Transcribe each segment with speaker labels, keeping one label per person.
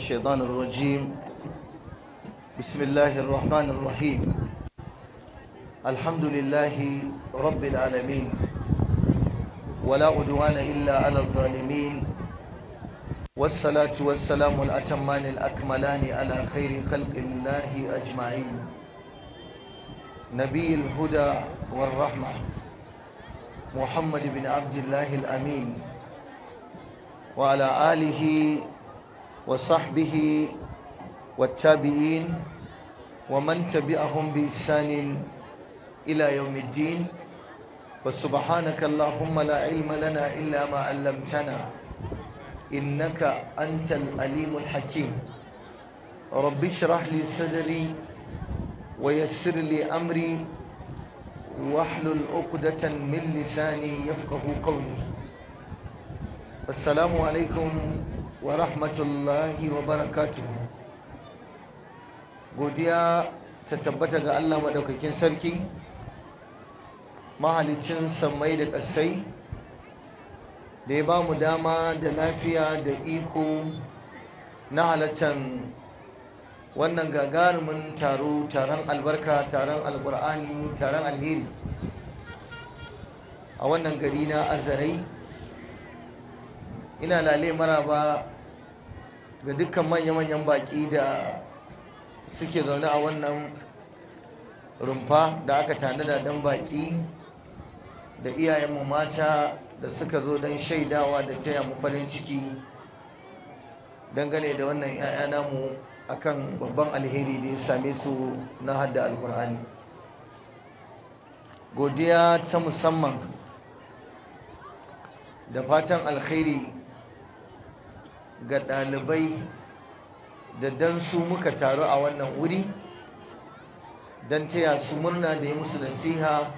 Speaker 1: الشيطان الرجيم بسم الله الرحمن الرحيم الحمد لله رب العالمين ولا عدوان إلا على الظالمين والصلاة والسلام الأتمان الأكملان على خير خلق الله أجمعين نبي الهدى والرحمة محمد بن عبد الله الأمين وعلى آله وصحبه والتابعين ومن تبعهم بإحسان إلى يوم الدين فسبحانك اللهم لا علم لنا إلا ما علمتنا إنك أنت الأليم الحكيم رب اشرح لي صدري ويسر لي أمري واحلل عقدة من لساني يفقه قولي السلام عليكم wa rahmatullahi wa barakatu godiya ta tabbata ga Allah maɗaukakin sarki mahalicin sammai da ƙasai da ya ba mu dama da lafiya da iko na halattan wannan gagarumin taro taron albarka taron alkur'ani taron alheri a wannan gari na azarai ina lale maraba ga dukkan manya-manyan baƙi da suke zaune a wannan rumfa da aka tanada dan baƙi da iyayenmu mata da suka zo don shaidawa da taya mu farin ciki dangane da wannan 'ya'ya namu akan babban alheri da ya same su na hadda alkur'ani godiya ta musamman da fatan alheri ga ɗalibai da dan su muka taru a wannan wuri don taya su murna da yi musu nasiha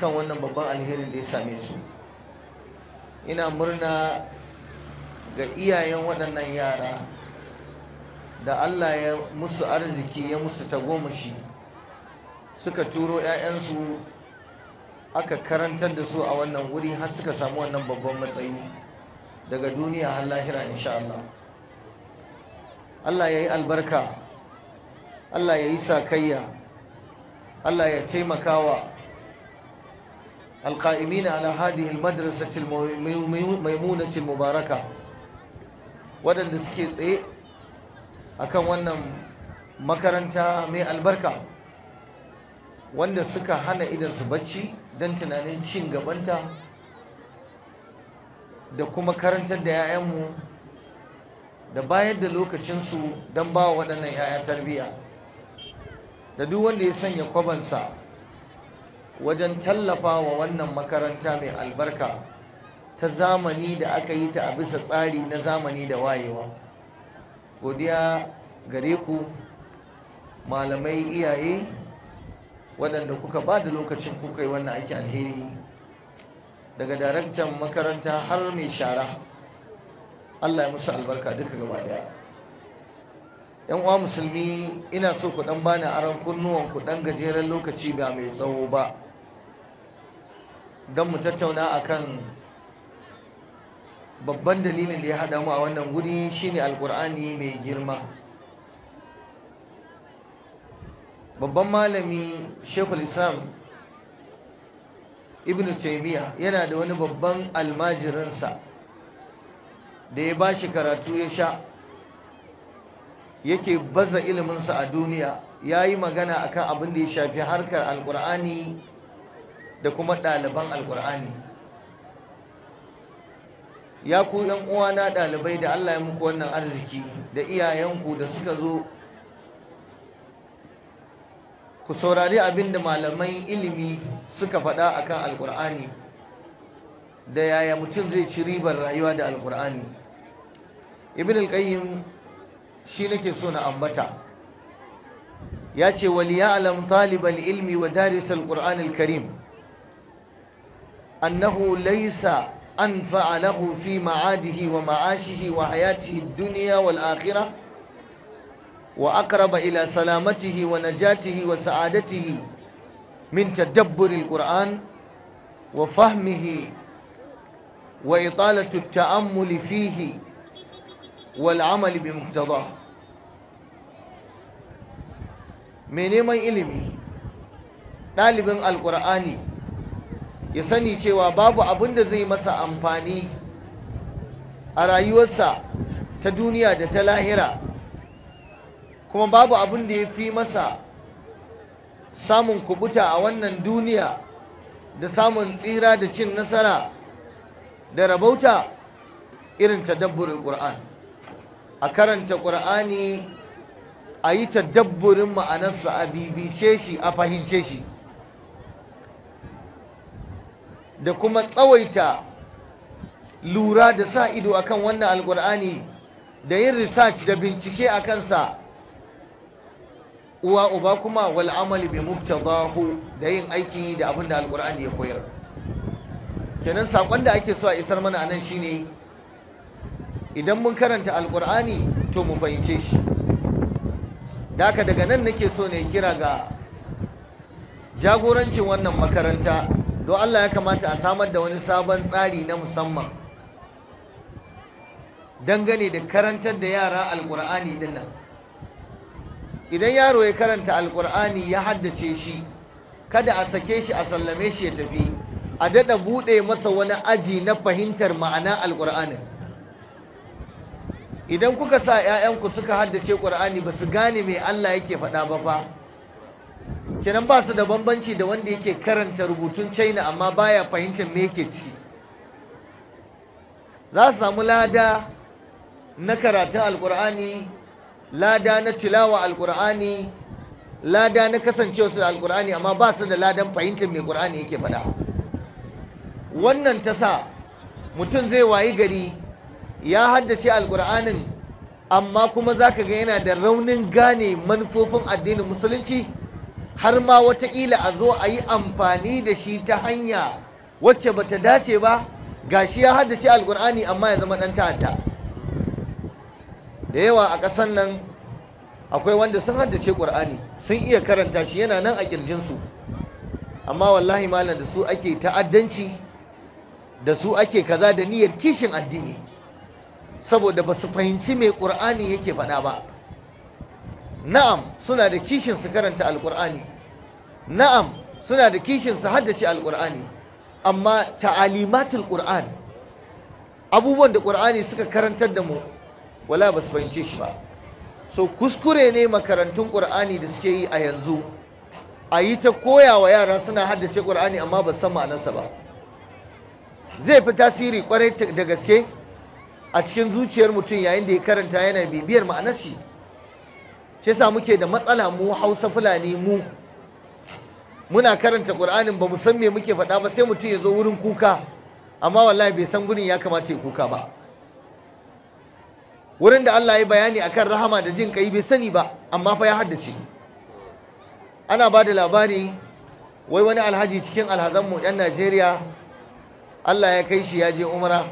Speaker 1: kan wannan babban alherin da ya same su ina murna ga iyayen waɗannan yara da Allah ya musu arziki ya musu tagomashi suka turo 'ya'yansu aka karantar da su a wannan wuri har suka samu wannan babban matsayi daga duniya har lahira insha Allah Allah ya yi albarka Allah ya yi sakayya Allah ya taimaka wa alƙa'imi na ala hadi ilmadar sacil mubaraka waɗanda suke tsaye akan wannan makaranta mai albarka wanda suka hana idan su bacci don tunanin cin gabanta da kuma karantar da 'ya'yanmu da bayar da lokacinsu don ba wa waɗannan 'ya'ya tarbiyya da duk wanda ya sanya kwabansa wajen tallafa wa wannan makaranta mai albarka ta zamani da aka yi ta a bisa tsari na zamani da wayewa godiya gare ku malamai iyaye waɗanda kuka ba da lokacin kuka yi wannan ake alheri daga daraktan makaranta har mai shara Allah ya musu albarka duka gaba daya yan uwa musulmi ina so ku dan bani aran kunnuwan ku dan gajeren lokaci ba mai tsawo ba don mu tattauna a kan. babban dalilin da ya haɗa mu a wannan guri shine alkur'ani mai girma babban malami shekul islam ibn taimiyya yana da wani babban almajirinsa da ya ba shi karatu ya sha yake baza iliminsa a duniya ya yi magana akan abin da ya shafi harkar alkur'ani da kuma ɗaliban alkur'ani ya ku uwana ɗalibai da allah ya muku wannan arziki da iyayenku da suka zo ku saurari abin da malamai ilimi suka faɗa akan alkur'ani da yaya mutum zai ci ribar rayuwa da alkur'ani ibn al-qayyim shi nake so na ambata ya ce waliya'lam talibal ilmi wa daris al-qur'an al-karim annahu laysa anfa'a lahu fi ma'adihi wa ma'ashihi wa hayatihi ad-dunya wal akhirah وأقرب إلى سلامته ونجاته وسعادته من تدبر القرآن وفهمه وإطالة التأمل فيه والعمل بمقتضاه من يمن إلمي طالب القرآن يسني cewa babu abin da zai masa amfani a rayuwarsa ta duniya da ta lahira kuma babu abin da ya fi masa samun kubuta a wannan duniya da samun tsira da cin nasara da rabauta irin tadabburin ƙur'an a karanta ƙur'ani a yi tadabburin ma'anarsa a bibice shi a fahimce shi da kuma tsawaita lura da sa ido akan wannan alƙur'ani da yin research da bincike a kansa uwa uba kuma wal amali bi muktadahu da yin aiki da abin da alqur'ani ya koyar kenan sakon da ake so a isar mana anan shine idan mun karanta alqur'ani to mu fahimce shi daka daga nan nake so ne kira ga jagorancin wannan makaranta don Allah ya kamata a samar da wani sabon tsari na musamman dangane da karantar da yara alqur'ani dinnan idan yaro ya karanta alkur'ani ya haddace shi kada a sake shi a sallame shi ya tafi a daɗa buɗe masa wani aji na fahimtar ma'ana alkur'ani idan kuka sa 'ya'yanku suka haddace ƙur'ani ba su gane mai Allah yake faɗa ba fa kenan ba su da bambanci da wanda yake karanta rubutun china amma baya fahimtar me yake ciki za su samu lada na karatun alkur'ani lada na tilawa alkur'ani lada na kasancewa su alkur'ani amma ba su da ladan fahimtar mai qur'ani yake faɗa wannan ta sa mutum zai wayi gari ya haddace alkur'anin amma kuma za ka ga yana da raunin gane manufofin addinin musulunci har ma wataƙila a zo a yi amfani da shi ta hanya wacce ba ta dace ba Ga shi ya haddace alkur'ani amma ya zama ɗan ta'adda da yawa a ƙasar nan akwai wanda sun haddace ƙur'ani sun iya karanta shi yana nan a ƙirjinsu amma wallahi malam da su ake ta'addanci da su ake kaza da niyyar kishin addini saboda ba su fahimci mai ƙur'ani yake faɗa ba na'am suna da kishin su karanta alƙur'ani na'am suna da kishin su haddace alƙur'ani amma ta'alimatul ƙur'an abubuwan da ƙur'ani suka karantar da mu wala ba su fahimce shi ba so kuskure ne makarantun ƙur'ani da suke yi a yanzu a yi ta koya wa yara suna haddace ƙur'ani amma ba san ma'anarsa ba zai fi tasiri kwarai da gaske a cikin zuciyar mutum yayin da ya karanta yana bibiyar ma'anar shi shi yasa muke da matsala mu hausa fulani mu muna karanta ƙur'anin ba mu san me muke faɗa ba sai mutum ya zo wurin kuka amma wallahi bai san gurin ya kamata ya kuka ba wurin da Allah ya bayani akan rahama da jin kai bai sani ba amma fa ya haddace ana ba da labari wai wani alhaji cikin alhazan alhazanmu 'yan Najeriya Allah ya kai shi ya je umra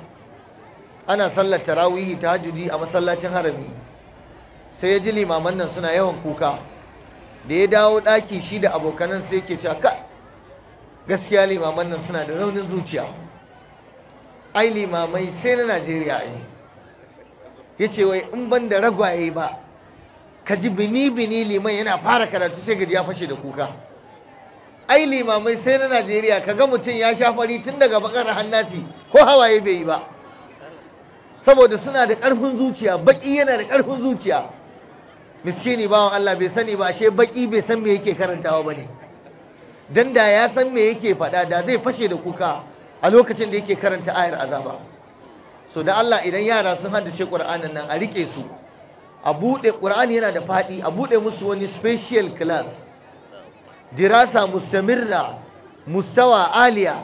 Speaker 1: ana sallar tarawihi ta hajjudi a masallacin harami sai ya ji limaman nan suna yawan kuka da ya dawo ɗaki shi da abokanan sai ke cewa ka gaskiya limaman nan suna da raunin zuciya ai limamai sai na Najeriya ai ya ce wai in ban da ragwaye ba ka ji bini-bini liman yana fara karatu sai gaji ya fashe da kuka ai limamai sai na najeriya ka ga mutum ya sha fari tun daga bakar hannasi ko hawaye bai yi ba saboda suna da karfin zuciya baki yana da karfin zuciya miskini bawan allah bai sani ba ashe baki bai san me yake karantawa ba ne dan da ya san me yake faɗa da zai fashe da kuka a lokacin da yake karanta ayar azaba so da Allah idan yara sun haddace Qur'anin nan a rike su a buɗe Qur'ani yana da faɗi a buɗe musu wani special class dirasa mustamirra mustawa aliya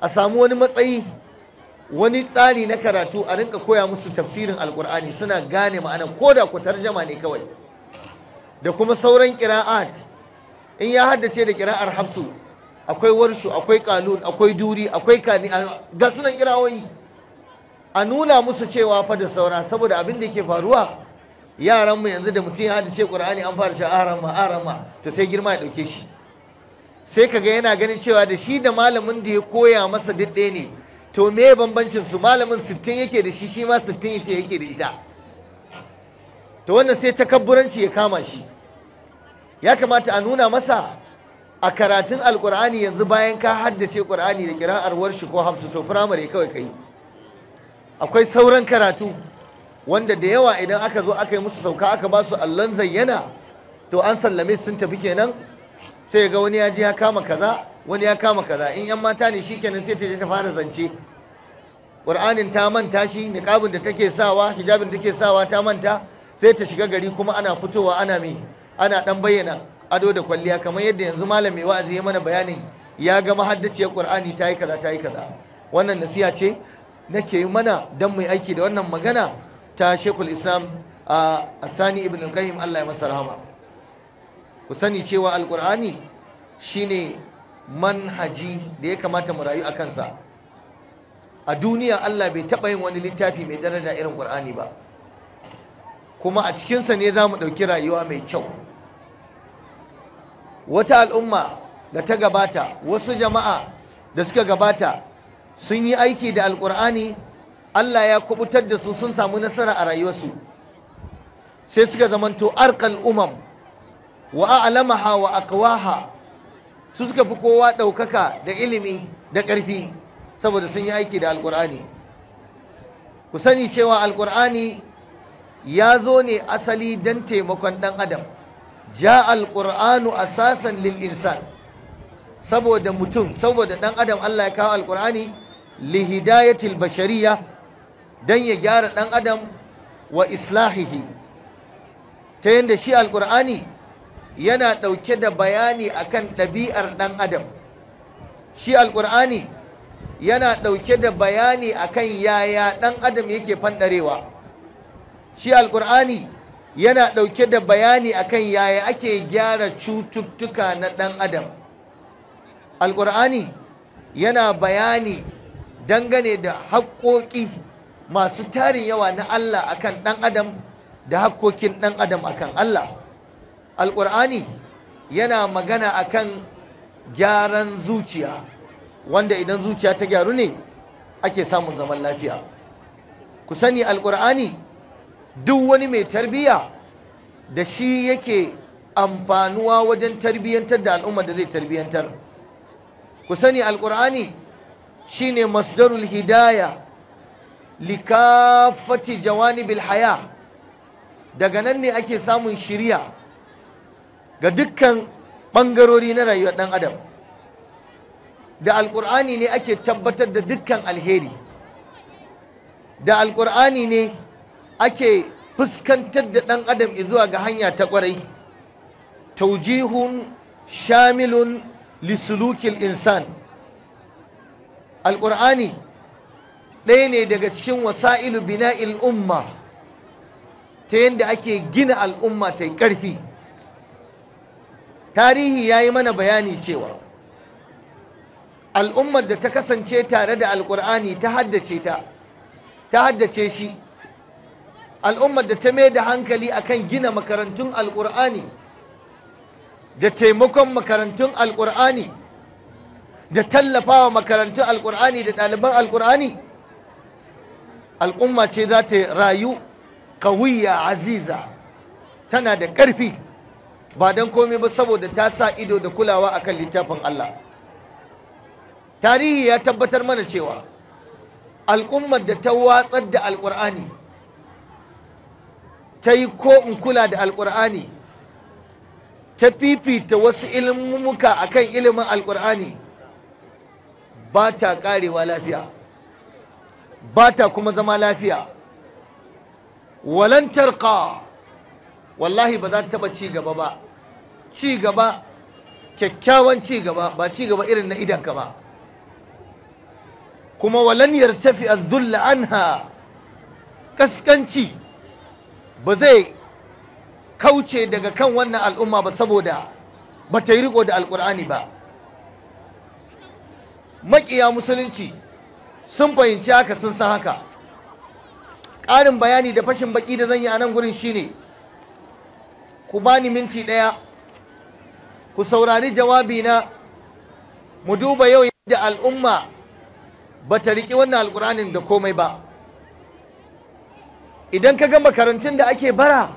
Speaker 1: a samu wani matsayi wani tsari na karatu a rinka koya musu tafsirin alkur'ani suna gane ma'ana ko da ku tarjama ne kawai da kuma sauran kira'at in ya haddace da kira'ar hafsu akwai warshu akwai kalun akwai duri akwai kani ga sunan kira'o'i a nuna musu cewa fa da saura saboda abin da yake faruwa yaran mu yanzu da mutum ya hadice Qur'ani an fara shi arama arama to sai girma ya dauke shi sai kaga yana ganin cewa da shi da malamin da ya koya masa duk ne to me bambancin su malamin 60 yake da shi shi ma 60 yake yake da ita to wannan sai takabburanci ya kama shi ya kamata a nuna masa a karatun alkur'ani yanzu bayan ka haddace qur'ani da kira'ar warshi ko hamsu to firamare kawai kai akwai sauran karatu wanda da yawa idan aka zo aka yi musu sauka aka ba su allon zayyana to an sallame sun tafi kenan sai ga wani ya ji ya kama kaza wani ya kama kaza in yan mata ne shikenan sai ta je ta fara zance Qur'anin ta manta shi niqabin da take sawa hijabin da take sawa ta manta sai ta shiga gari kuma ana fitowa ana me ana dan bayyana ado da kwalliya kamar yadda yanzu malami wa'azi ya mana bayanin ya ga mahaddaciyar Qur'ani ta yi kaza ta yi kaza wannan nasiha ce nake yi mana don mai aiki da wannan magana ta shekul islam a sani ibn al-qayyim Allah ya masa rahama ku sani cewa alkur'ani shine manhaji da ya kamata mu rayu a kansa a duniya Allah bai taɓa yin wani littafi mai daraja irin ƙur'ani ba kuma a cikinsa ne za mu ɗauki rayuwa mai kyau wata al'umma da ta gabata wasu jama'a da suka gabata sun yi aiki da alkur'ani Allah ya kubutar da su sun samu nasara a rayuwarsu sai suka zamanto arkal umam wa a'lamaha wa aqwaha su suka fi kowa ɗaukaka da ilimi da ƙarfi saboda sun yi aiki da alkur'ani ku sani cewa alkur'ani ya zo ne asali don taimakon ɗan adam ja alkur'anu asasan lil insan saboda mutum saboda ɗan adam Allah ya kawo alkur'ani lihidayatil bashariya don ya gyara ɗan adam wa islahihi ta yadda shi alƙur'ani yana ɗauke da bayani akan ɗabi'ar ɗan adam shi alƙur'ani yana ɗauke da bayani akan yaya ɗan adam yake fanɗarewa shi alƙur'ani yana ɗauke da bayani akan yaya ake gyara cututtuka na ɗan adam alƙur'ani yana bayani dangane da haƙoƙi masu tarin yawa na Allah akan ɗan adam da haƙoƙin ɗan adam akan Allah alƙur'ani yana magana akan gyaran zuciya wanda idan zuciya ta gyaru ne ake samun zaman lafiya ku sani alƙur'ani duk wani mai tarbiyya da shi yake amfanuwa wajen tarbiyyantar da al'umma da zai tarbiyyantar ku sani alƙur'ani shine masdarul hidaya likafati jawanibil haya daga nan ne ake samun shiriya ga dukkan ɓangarori na rayuwar ɗan adam da alƙur'ani ne ake tabbatar da dukkan alheri da alƙur'ani ne ake fuskantar da ɗan adam zuwa ga hanya ta ƙwarai taujihun shamilun lisulukil insan alƙur'ani ɗaya ne daga cikin wasa'ilu bina'il umma ta yadda ake gina al'umma ta ƙarfi tarihi ya yi mana bayani cewa al'ummar da ta kasance tare da alƙur'ani ta haddace ta ta haddace shi al'ummar da ta mai da hankali akan gina makarantun alƙur'ani da taimakon makarantun alƙur'ani da tallafawa makarantun alkur'ani da ɗaliban alkur'ani al'umma ce za ta rayu kawiya aziza tana da ƙarfi ba don komai ba saboda ta sa ido da kulawa akan littafin Allah tarihi ya tabbatar mana cewa al'ummar da ta watsar da alkur'ani ta yi ko in kula da alkur'ani ta fifita wasu ilmumuka kan ilimin alkur'ani ba ta karewa lafiya ba ta kuma zama lafiya walantar ka wallahi ba za ta taba ci gaba ba ci gaba kyakkyawan ci gaba ba ci gaba irin na idanka ba kuma walan yartafi az-zulla anha kaskanci ba zai kauce daga kan wannan al'umma ba saboda ba ta yi riko da alkur'ani ba Makiya musulunci sun fahimci haka sun san haka ƙarin bayani da fashin baki da zan yi a nan gurin shine ku bani minti ɗaya ku saurari jawabi na mu duba yau yadda al'umma ba ta riƙi wannan alƙur'anin da komai ba idan ka ga makarantun da ake bara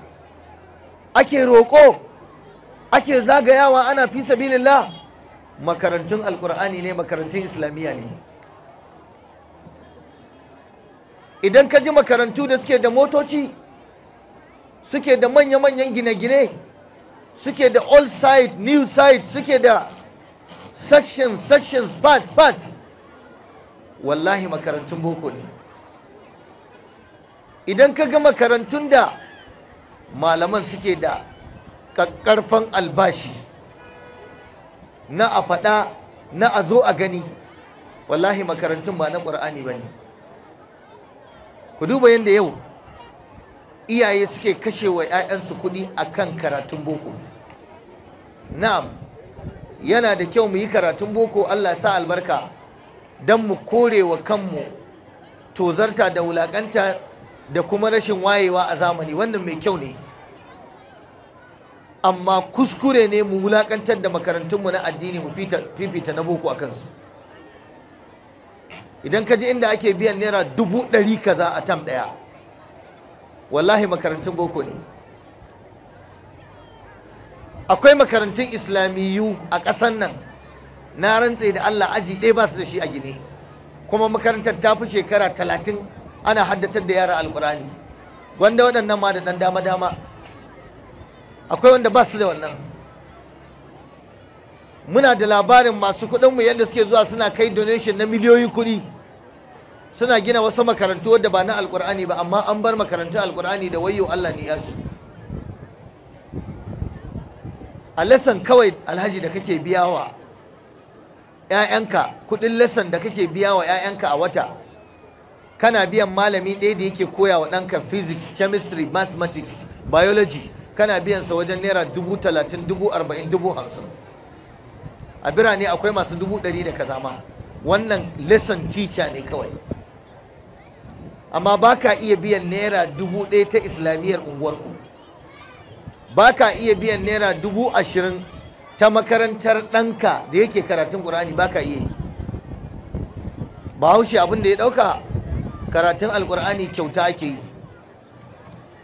Speaker 1: ake roƙo ake zagayawa ana fi sabilillah makarantun alkur'ani ne makarantun islamiyya ne idan ka ji makarantu da suke da motoci suke da manya-manyan gine-gine suke da all side new side suke da section sections parts parts wallahi makarantun boko ne idan ka ga makarantun da malaman suke da ƙaƙƙarfan albashi na a faɗa na a zo a gani wallahi makarantun ba na ƙur'ani ba ne ku duba yadda yau iyaye suke kashe wa 'ya'yansu kuɗi a kan karatun boko na'am yana da kyau mu yi karatun boko allah sa albarka don mu kore wa kanmu tozarta da wulaƙanta da kuma rashin wayewa a zamani wannan mai kyau ne amma kuskure ne mu wulakantar da makarantunmu na addini mu fifita na boko a kansu idan ka ji inda ake biyan naira dubu ɗari kaza a tam ɗaya wallahi makarantun boko ne akwai makarantun islamiyu a ƙasan nan na rantse da allah aji ɗaya ba su da shi a gine kuma makarantar ta fi shekara talatin ana haddatar da yara alƙurani Gwanda waɗannan ma da ɗan dama-dama akwai wanda ba su da wannan muna da labarin masu kuɗinmu yadda suke zuwa suna kai donation na miliyoyi kuɗi suna gina wasu makarantu wadda ba na alkur'ani ba amma an bar makarantu alkur'ani da wayo allah ne yasu a lesson kawai alhaji da kake biya wa 'ya'yanka kuɗin lesson da kake biya wa 'ya'yanka a wata kana biyan malami ɗaya da yake koya wa ɗanka physics chemistry mathematics biology kana biyan sa wajen naira dubu talatin dubu arba'in dubu hamsin a birane akwai masu dubu ɗari da kaza ma wannan lesson teacher ne kawai amma ba ka iya biyan naira dubu ɗaya ta islamiyyar unguwarku ba ka iya biyan naira dubu ashirin ta makarantar ɗanka da yake karatun ƙur'ani ba ka iya bahaushe abin da ya ɗauka karatun alƙur'ani kyauta ake yi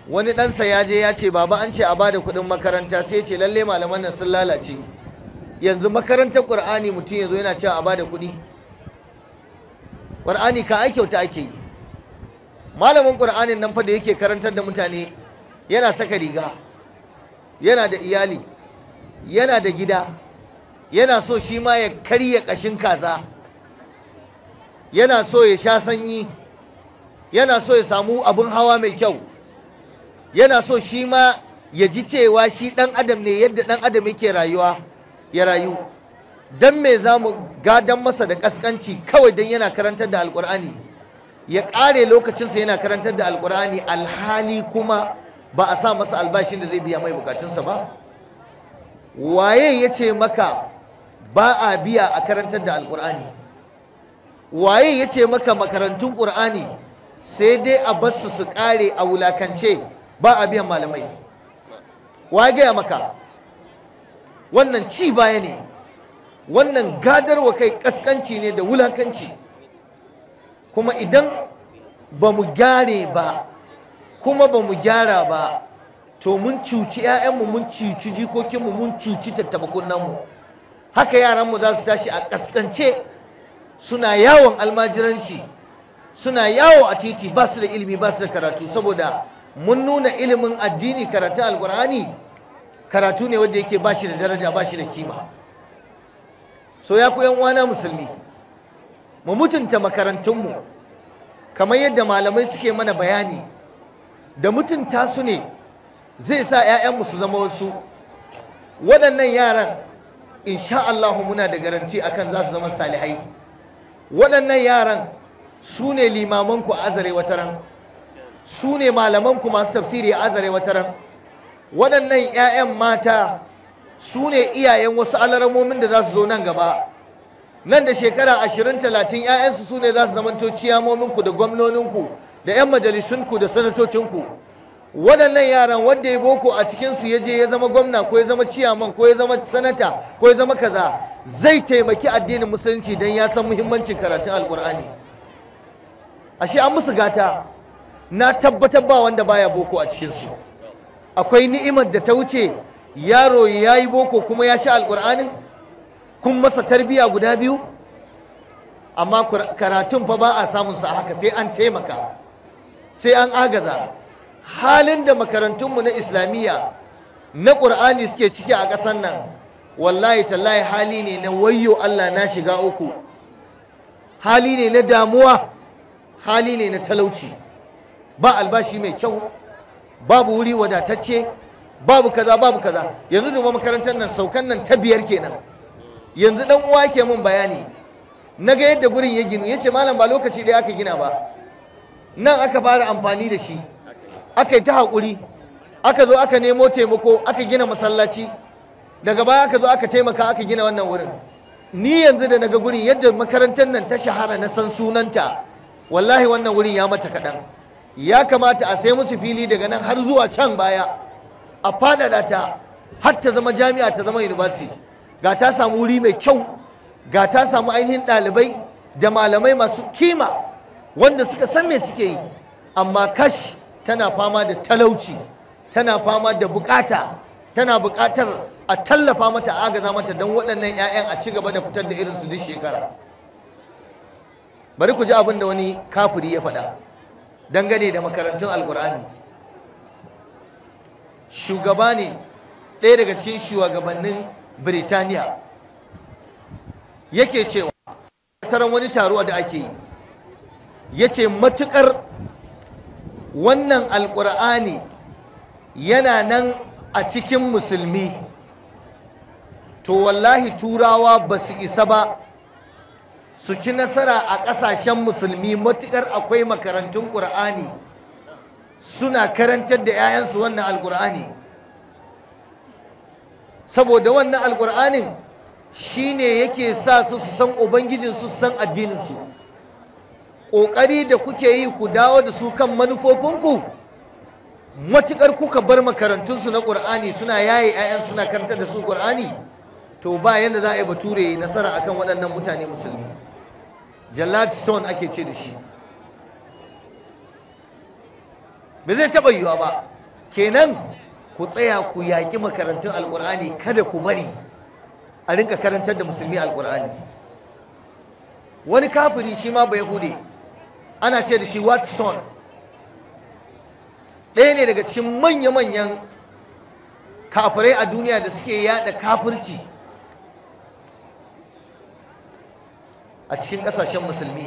Speaker 1: wani ɗansa ya je ya ce baba an ce a bada kuɗin makaranta sai ce lalle malaman nan sun lalace yanzu makarantar ƙur'ani mutum yanzu yana cewa a bada kuɗi ƙur'ani ka ai kyauta ake yi malamin ƙur'anin nan fa da yake karantar da mutane yana saka riga yana da iyali yana da gida yana so shi ma ya karya ƙashin kaza yana so ya sha sanyi yana so ya samu abin hawa mai kyau yana so shi ma ya ji cewa shi ɗan adam ne yadda ɗan adam yake rayuwa ya rayu don me za mu gadon masa da ƙasƙanci kawai don yana karantar da alƙur'ani ya ƙare lokacinsa yana karantar da alƙur'ani alhali kuma ba a sa masa albashin da zai biya mai bukatunsa ba waye ya ce maka ba a biya a karantar da alƙur'ani waye ya ce maka makarantun ƙur'ani sai dai a bar su su ƙare a wulakance ba a biyan malamai wa ya gaya maka wannan ci baya ne wannan gadarwa kai kaskanci ne da wulakanci kuma idan ba mu gyare ba kuma ba mu gyara ba to mun cuci 'ya'yanmu mun cuci jikokinmu mun cuci namu haka yaranmu za su tashi a kaskance suna yawon almajiranci suna yawo a titi ba su da ilimi ba su da karatu saboda mun nuna ilimin addini karatu alkur'ani karatu ne wanda yake bashi da daraja bashi da kima so ya ku yan uwana musulmi mu mutunta makarantunmu kamar yadda malamai suke mana bayani da mutunta su ne zai sa 'ya'yanmu su zama wasu waɗannan yaran insha Allah muna da garanti akan za su zama salihai waɗannan yaran su ne limamanku a azare wataran ran su ne malamanku masu tafsiri a azare wataran waɗannan 'ya'yan mata su ne iyayen wasu alaramomin da za su zo nan gaba nan da shekara ashirin talatin 'ya'yansu su ne za su zamanto ciyamominku da gwamnoninku da 'yan majalisunku da sanatocinku waɗannan yaran wanda ya boko a cikinsu ya je ya zama gwamna ko ya zama ciyaman ko ya zama sanata ko ya zama kaza zai taimaki addinin musulunci don ya san muhimmancin karatun alkur'ani ashe an musu gata na tabbatar ba wanda baya boko a cikinsu akwai ni'imar da ta wuce yaro ya yi boko kuma ya sha alƙur'anin kun masa tarbiya guda biyu amma karatun fa ba a samun sa haka sai an taimaka sai an agaza halin da makarantunmu na islamiyya na ƙur'ani suke ciki a ƙasar nan wallahi tallahi hali ne na wayo Allah na shiga uku hali ne na damuwa hali ne na talauci ba albashi mai kyau babu wuri wadatacce babu kaza babu kaza yanzu duba makarantar nan saukan nan ta biyar kenan yanzu dan uwa yake mun bayani na ga yadda gurin ya ginu yace malam ba lokaci da aka gina ba nan aka fara amfani da shi aka ta hakuri, aka zo aka nemo taimako aka gina masallaci daga baya aka zo aka taimaka aka gina wannan wurin ni yanzu da naga gurin yadda makarantar nan ta shahara na san sunanta wallahi wannan wurin ya mata kaɗan ya kamata a sai musu fili daga nan har zuwa can baya a faɗaɗa ta har ta zama jami'a ta zama university ga ta samu wuri mai kyau ga ta samu ainihin ɗalibai da malamai masu kima wanda suka san me suke yi amma kash tana fama da talauci tana fama da bukata tana bukatar a tallafa mata a agaza mata don waɗannan 'ya'yan a ci gaba da fitar da irinsu duk shekara bari ku ji abin da wani kafiri ya faɗa dangane da makarantun alkur'ani shugaba ne ɗaya daga cikin shugabannin birtaniya yake cewa taron wani taruwa da ake yi ya ce matuƙar wannan alkur'ani yana nan a cikin musulmi to wallahi turawa ba su isa ba su ci nasara a ƙasashen musulmi matuƙar akwai makarantun ƙur'ani suna karantar da 'ya'yansu wannan alƙur'ani saboda wannan alƙur'anin shine yake sa su su san ubangijinsu su san addininsu ƙoƙari da kuke yi ku dawo da su kan manufofinku matuƙar kuka bar makarantunsu na ƙur'ani suna yaye 'ya'yan suna karantar da su ƙur'ani to ba yadda za a yi bature nasara akan waɗannan mutane musulmi jallad stone ake ce da shi ba zai taɓa yiwa ba kenan ku tsaya ku yaƙi makarantun alƙur'ani kada ku bari a rinka karantar da musulmi alƙur'ani wani kafiri shi ma bai hude ana ce da shi watson ɗaya ne daga cikin manya-manyan kafirai a duniya da suke yada kafirci a cikin ƙasashen musulmi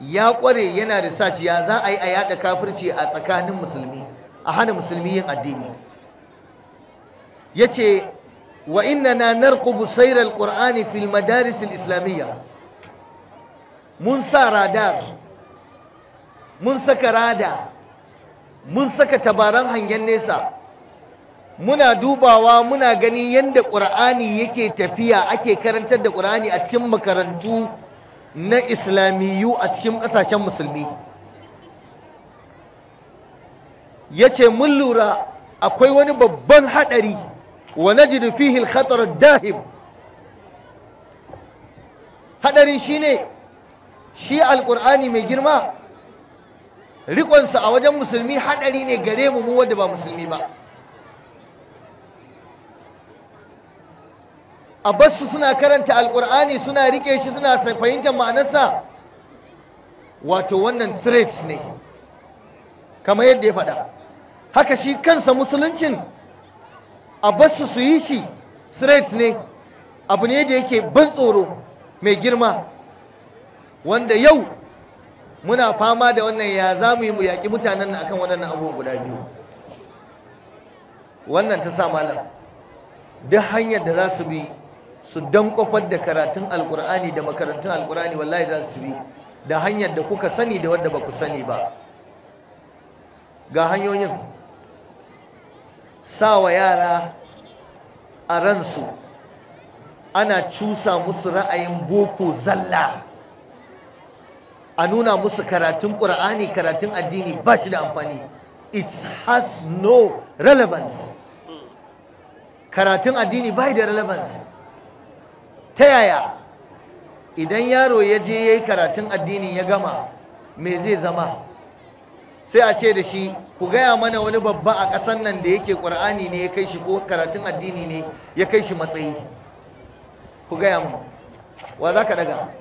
Speaker 1: ya ƙware yana research ya za a yi a yaɗa kafirci a tsakanin musulmi a hana musulmi yin addini ya ce wa inna na narqubu sairar ƙur'ani fil madaris islamiyya mun sa radar mun saka rada mun saka tabaran hangen nesa muna dubawa muna gani yadda ƙur'ani yake tafiya ake karantar da ƙur'ani a cikin makarantu na islamiyu a cikin ƙasashen musulmi ya ce mun lura akwai wani babban haɗari wa na fihi al-khatar dahim haɗarin ne, shi alƙur'ani mai girma Rikonsa a wajen musulmi haɗari ne gare mu mu wanda ba musulmi ba a su suna karanta alkur'ani suna rike shi suna fahimtar ma'anarsa wato wannan threat ne kamar yadda ya faɗa haka shi kansa musuluncin a bas su su yi shi threat ne abu ne da yake ban tsoro mai girma wanda yau muna fama da wannan ya za mu yi mu yaƙi mutanen akan waɗannan abubuwa guda biyu wannan ta sa malam duk hanyar da za su bi su dan kofar da karatun alkur'ani da makarantun alkur'ani wallahi za su bi da hanyar da kuka sani da wadda ba ku sani ba ga hanyoyin sa wa yara a ransu ana cusa musu ra'ayin boko zalla a nuna musu karatun ƙur'ani karatun addini ba shi da amfani it has no relevance karatun addini ba da relevance ta yaya idan yaro ya je ya yi karatun addini ya gama me zai zama sai a ce da shi ku gaya mana wani babba a ƙasan nan da yake ƙur'ani ne ya kai shi ko karatun addini ne ya kai shi matsayi ku gaya mu wa za ka daga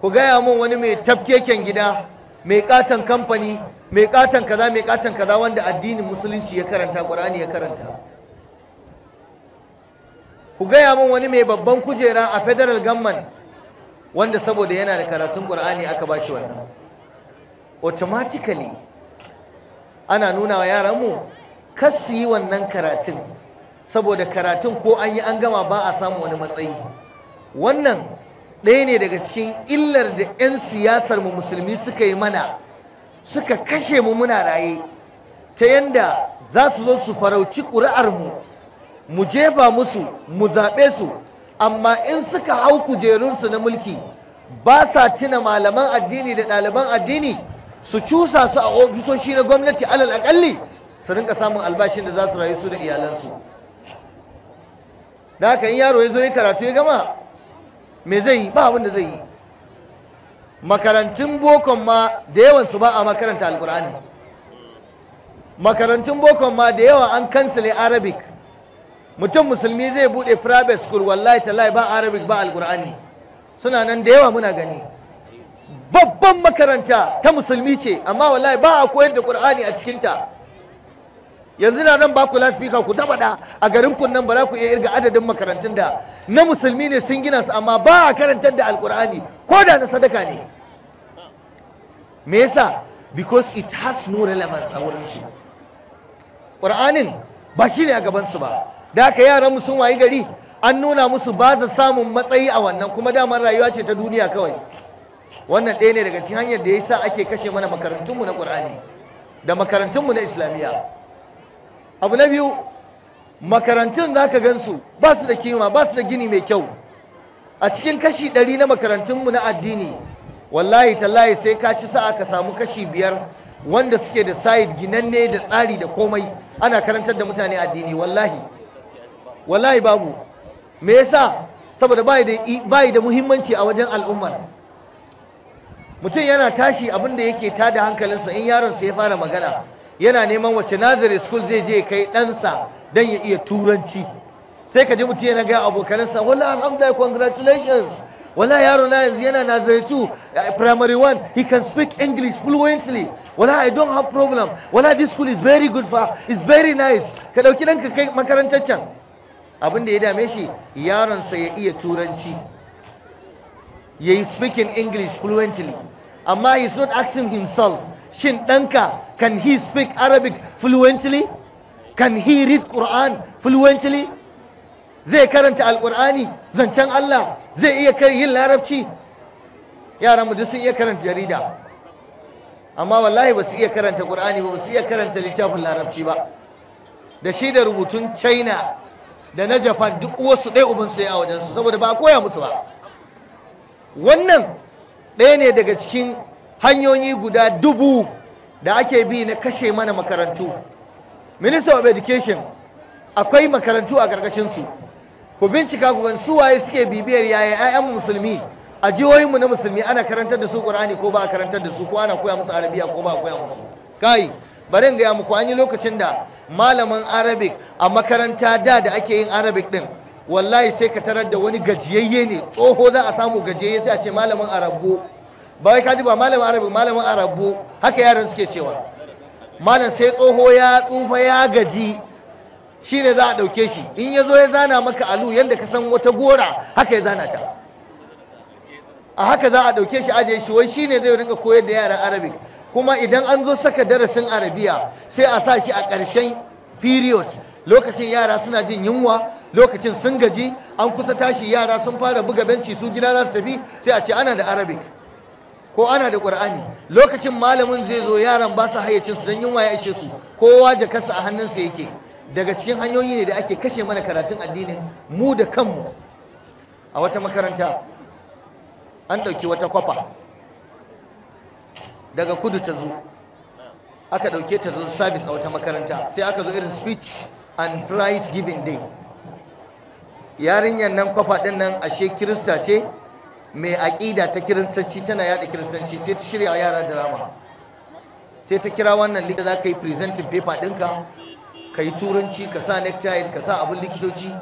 Speaker 1: ku gaya mu wani mai tafkeken gida mai katon kamfani mai katon kaza mai katon kaza wanda addinin musulunci ya karanta ƙur'ani ya karanta ku gaya min wani mai babban kujera a federal government wanda saboda yana da karatun qur'ani aka ba shi wannan automatically ana nuna wa mu kar su yi wannan karatun saboda karatun ko an yi an gama ba a samu wani matsayi wannan ɗaya ne daga cikin illar da 'yan siyasar mu musulmi suka yi mana suka kashe mu muna raye ta yanda za su zo su farauci ƙuri'ar mu mu jefa musu mu zaɓe su amma in suka hau kujerunsu na mulki ba sa tuna malaman addini da ɗaliban addini su cusa su a ofisoshi na gwamnati alal akalli su rinka samun albashin da za su rayu su da iyalansu da haka in yaro ya zo ya karatu ya gama me zai yi ba abin da zai yi makarantun bokon ma da yawan su ba a makaranta alkur'ani makarantun bokon ma da yawa an kansile arabic mutum musulmi zai bude private school wallahi tallahi ba arabic ba alkur'ani suna nan da yawa muna gani babban makaranta ta musulmi ce amma wallahi ba a koyar da qur'ani a cikin ta yanzu na zan ba ku laspika ku ta a garin kun nan ba za ku iya irga adadin makarantun da na musulmi ne sun gina su amma ba a karantar da alkur'ani ko da na sadaka ne me yasa because it has no relevance a wurin shi. qur'anin ba shi ne a gaban su ba da haka mu sun wayi gari an nuna musu ba za samun matsayi a wannan kuma damar rayuwa ce ta duniya kawai wannan ɗaya ne daga cikin hanyar da ya sa ake kashe mana makarantunmu na ƙur'ani da makarantunmu na islamiyya abu na biyu makarantun za ka gansu ba su da kima ba su da gini mai kyau a cikin kashi ɗari na makarantunmu na addini wallahi tallahi sai ka ci sa'a ka samu kashi biyar wanda suke da sayid ginanne da tsari da komai ana karantar da mutane addini wallahi wallahi babu me yasa saboda bai da bai da muhimmanci a wajen al'ummar mutum yana tashi abin da yake tada hankalinsa in yaron sa ya fara magana yana neman wace nazari school zai je kai ɗansa don ya iya turanci sai ka ji mutum yana ga abokanansa wallahi alhamdulillah congratulations wala yaro na yanzu yana nazari two eh, primary one he can speak english fluently wala i don't have problem wala this school is very good for is very nice ka ɗauki danka kai makarantar can abin da ya dame shi yaronsa ya iya turanci ya yi speaking english fluently amma he is not asking himself shin ɗanka can he speak arabic fluently can he read quran fluently zai karanta alƙur'ani zancen allah zai iya yin larabci yaran mu duk sun iya karanta jarida amma wallahi ba su iya karanta qur'ani ba su iya karanta littafin larabci ba da shi da rubutun china da na japan duk wasu ɗaya ubin sai a wajensu saboda ba a koya musu ba wannan ɗaya ne daga cikin hanyoyi guda dubu da ake bi na kashe mana makarantu minister of education akwai makarantu a ƙarƙashinsu ku bincika ku gan waye suke bibiyar yaya 'ya'yan musulmi a jihohinmu na musulmi ana karantar da su ƙur'ani ko ba a karantar da su ko ana koya musu arabiya ko ba a koya musu kai bari in gaya muku an yi lokacin da malamin arabic a makaranta da da ake yin arabic din wallahi sai ka tarar da wani gajiyayye ne tsoho za a samu gajiyayye sai a ce malamin arabo ba wai kaji ba malamin arabic malamin arabo haka yaran suke cewa malam sai tsoho ya tsufa ya gaji shi ne za a ɗauke shi in ya zo ya zana maka alu yadda ka san wata gora haka ya zana ta a haka za a ɗauke shi ajiye shi wai shi ne zai rinka koyar da yaran arabic kuma idan an zo saka darasin arabiya sai a sa shi a ƙarshen period lokacin yara suna jin yunwa lokacin sun gaji an kusa tashi yara sun fara buga benci su gida za su tafi sai a ce ana da arabic ko ana da qur'ani lokacin malamin zai zo yaran ba su hayyacin su dan yunwa ya ishe su kowa jakarsa a hannunsa yake daga cikin hanyoyi ne da ake kashe mana karatun addinin mu da kanmu a wata makaranta an ɗauki wata kwafa daga kudu ta zo aka ɗauke ta zo service a wata makaranta sai aka zo irin speech and prize giving day yarinyar nan kwafa din nan ashe kirista ce mai aƙida ta kiristanci tana yada kiristanci sai ta shirya yara drama sai ta kira wannan lika za ka yi presenting paper ɗinka ka yi turanci ka sa necktie ka sa abin likitoci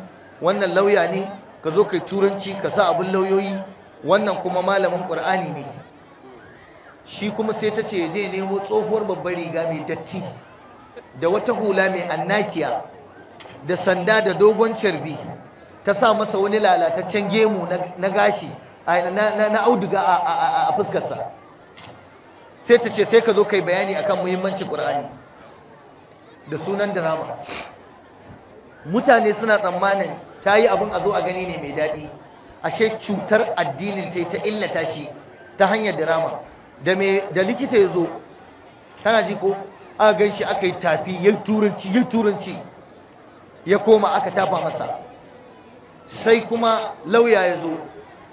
Speaker 1: wannan lauya ne ka zo ka yi turanci ka sa abin lauyoyi wannan kuma malamin ƙur'ani ne shi kuma sai ta ce zai nemo tsohuwar babbar riga mai datti da wata hula mai annakiya da sanda da dogon carbi ta sa masa wani lalataccen gemu na gashi na auduga a fuskarsa sai ta ce sai ka zo kai bayani akan muhimmancin ƙur'ani da sunan drama mutane suna tsammanin ta yi abin a zo a gani ne mai daɗi ashe cutar addinin ta ta illata shi ta hanyar drama da me da likita ya zo kana ji ko aka gan shi aka yi tafi ya turanci ya turanci ya koma aka tafa masa sai kuma lauya ya zo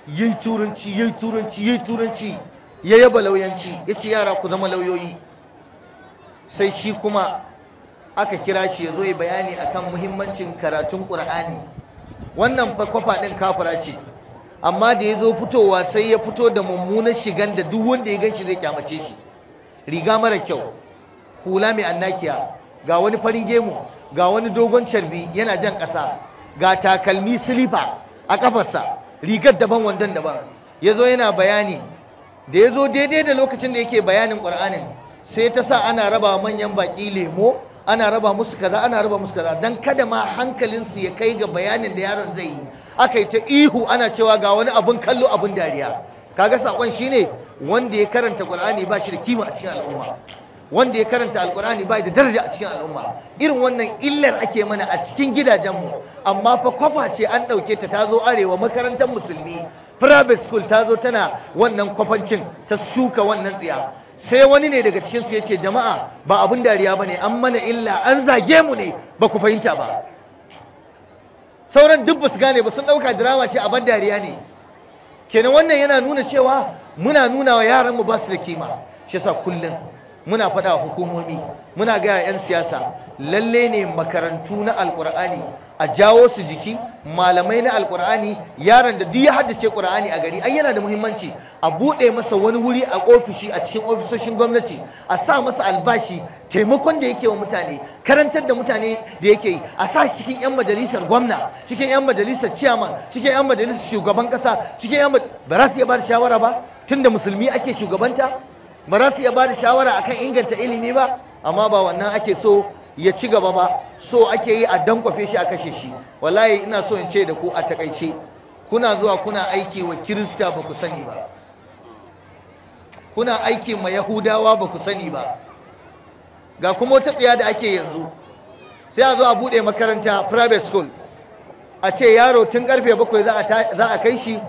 Speaker 1: ya turanci ya turanci ya turanci ya yaba lauyanci ya ce yara ku zama lauyoyi sai shi kuma aka kira shi ya zo ya bayani akan muhimmancin karatun ƙur'ani wannan kwafa ɗin kafura ce amma da ya zo fitowa sai ya fito da mummunan shigan da duk wanda ya ganshi zai kyamace shi riga mara kyau hula mai annakiya ga wani farin gemu ga wani dogon carbi yana jan ƙasa ga takalmi silifa a ƙafarsa rigar daban wandan daban ya zo yana bayani da ya zo daidai da lokacin da yake bayanin ƙur'anin sai ta sa ana raba manyan baƙi lemo ana raba musu kaza ana raba musu kaza dan kada ma hankalinsu ya kai ga bayanin da yaron zai yi aka yi ta ihu ana cewa ga wani abun kallo abun dariya kaga sakon shine wanda ya karanta qur'ani ba shi da kima a cikin al'umma wanda ya karanta alqur'ani ba da daraja a cikin al'umma irin wannan illar ake mana a cikin gidajenmu amma fa kwafa ce an ɗauke ta ta zo arewa makarantar musulmi private school ta zo tana wannan kwafancin ta shuka wannan tsiya sai wani ne daga cikinsu ya ce jama'a ba abin dariya ba ne an mana illa an zage mu ne ba ku fahimta ba sauran duk ba su gane ba sun ɗauka dirama ce abin dariya ne kenan wannan yana nuna cewa muna nuna wa yaranmu ba su da kima shi yasa kullum muna faɗa hukumomi muna gaya 'yan siyasa lalle ne makarantu na alƙur'ani a jawo su jiki malamai na alkur'ani yaron da duk ya haddace qur'ani a gari ai yana da muhimmanci a bude masa wani wuri a ofishi a cikin ofisoshin gwamnati a sa masa albashi taimakon da yake wa mutane karantar da mutane da yake yi a sa cikin yan majalisar gwamna cikin yan majalisar chairman cikin yan majalisar shugaban kasa cikin yan ba za su iya ba shawara ba tunda musulmi ake shugabanta ba za su iya ba da shawara akan inganta ilimi ba amma ba wannan ake so ya ci gaba ba so ake yi a dankwafe shi a kashe shi wallahi ina so in ce da ku a takaice kuna zuwa kuna aiki wa kirista ba ku sani ba kuna aiki ma yahudawa ba ku sani ba ga kuma wata tsaya da ake yanzu sai a zo a buɗe makaranta private school a ce yaro tun karfe bakwai za a kai shi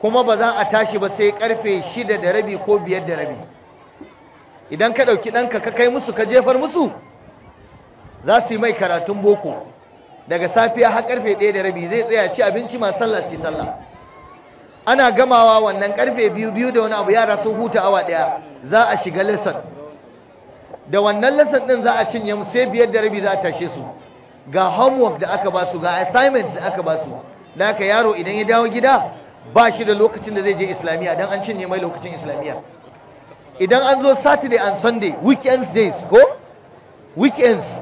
Speaker 1: kuma ba za a tashi ba sai karfe shida da rabi ko biyar da rabi idan ka ɗauki ɗanka ka kai musu ka jefar musu za su yi mai karatun boko daga safiya har karfe ɗaya da rabi zai tsaya ci abinci masu sallah su sallah ana gamawa wannan karfe biyu biyu da wani abu yara sun huta awa ɗaya za a shiga lesson da wannan lesson ɗin za a cinye mu sai biyar da rabi za a tashe su ga homework da aka ba su ga assignment da aka ba su da aka yaro idan ya dawo gida ba shi da lokacin da zai je islamiyya don an cinye mai lokacin islamiyya idan an zo saturday and sunday weekends days ko weekends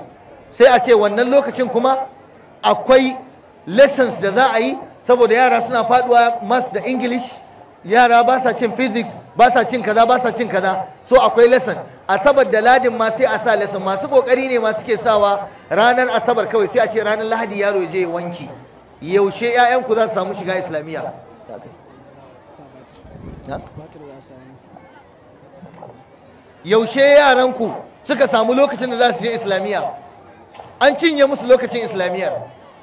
Speaker 1: sai a ce wannan lokacin kuma akwai lessons da za a yi saboda yara suna faduwa mas da english yara ba sa cin physics ba sa cin kaza ba sa cin kaza so akwai lesson asabar da ladin ma sai a sa lesson masu kokari ne ma suke sawa ranar asabar kawai sai a ce ranar lahadi yaro je wanki yaushe 'ya'yanku za su samu shiga islamiyya yaushe yaranku suka samu lokacin da za su je islamiyya an cinye musu lokacin islamiyyar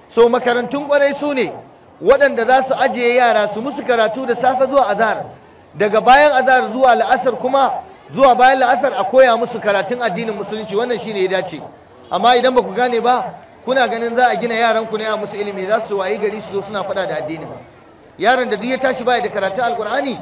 Speaker 1: so makarantun kwarai su ne waɗanda za su ajiye yara su musu karatu da safe zuwa azhar daga bayan azhar zuwa la'asar kuma zuwa bayan la'asar a koya musu karatun addinin musulunci wannan shine ya dace amma idan ba ku gane ba kuna ganin za a gina yaran ku ne a musu ilimi za su wayi gari su zo suna faɗa da addinin Yaran da duk ya tashi baya da karatun alkur'ani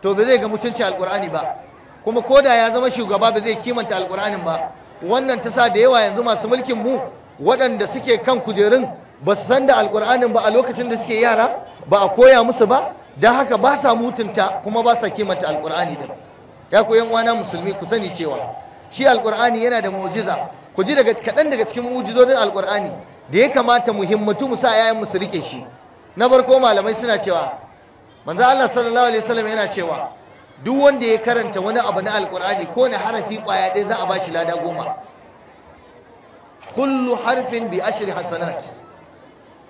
Speaker 1: to ba zai ga mutunci alkur'ani ba kuma ko da ya zama shugaba ba zai kimanta alkur'anin ba wannan ta sa da yawa yanzu masu mulkin mu waɗanda suke kan kujerun ba su san da alƙur'anin ba a lokacin da suke yara ba a koya musu ba Da haka ba sa mutunta kuma ba sa kimanta alƙur'ani din ya ku yan uwana musulmi ku sani cewa shi alƙur'ani yana da mu'jiza ku ji daga kaɗan daga cikin mu'jizodin alƙur'ani da ya kamata mu himmatu mu sa yayan mu su rike shi na farko malamai suna cewa manzo Allah sallallahu alaihi wasallam yana cewa duk wanda ya karanta wani abu na alkur'ani ko na harafi kwaya ɗaya za a shi lada goma kullu harfin bi ashri hasanat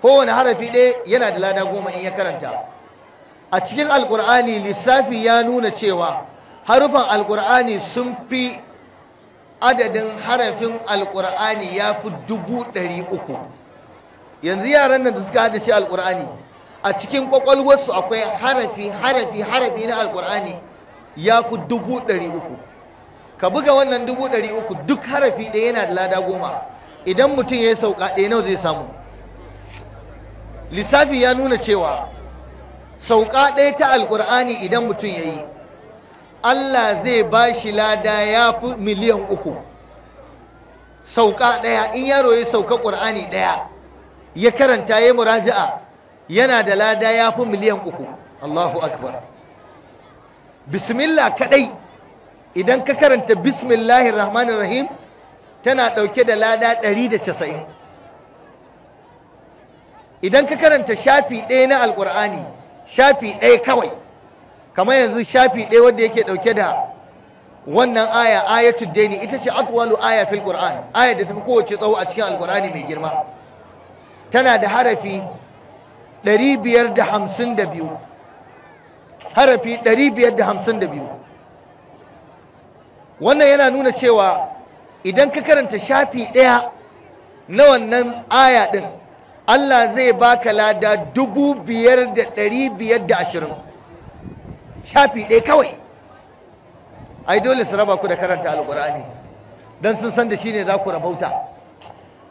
Speaker 1: kowane harafi ɗaya yana da lada goma in ya karanta a cikin alkur'ani lissafi ya nuna cewa harufan alkur'ani sun fi adadin harafin alkur'ani ya fi dubu ɗari uku yanzu yaran nan da suka haddace alkur'ani a cikin kwakwalwarsu akwai harafi harafi harafi na alkur'ani ya fi dubu ɗari uku ka buga wannan dubu ɗari uku duk harafi ɗaya yana da lada goma idan mutum ya yi sauka ɗaya nawa zai samu lissafi ya nuna cewa sauka ɗaya ta alƙur'ani idan mutum ya yi Allah zai ba shi lada ya fi miliyan uku sauka ɗaya in yaro ya sauka ƙur'ani ɗaya ya karanta ya muraja'a yana da lada ya fi miliyan uku Allahu akbar bismillah kadai idan ka karanta bismillahi rahmanir rahim tana dauke da lada 190 idan ka karanta shafi ɗaya na alkur'ani shafi ɗaya kawai kamar yanzu shafi ɗaya wanda yake dauke da wannan aya ayatul daini ita ce atwalu aya fil qur'an aya da tafi kowace tsawo a cikin alkur'ani mai girma tana da harafi 552 harafi 552 wannan yana nuna cewa idan ka karanta shafi ɗaya na wannan aya ɗin Allah zai baka lada dubu biyar shafi ɗaya kawai ai dole su raba ku da karanta alƙur'ani don sun san da shi ne za ku rabauta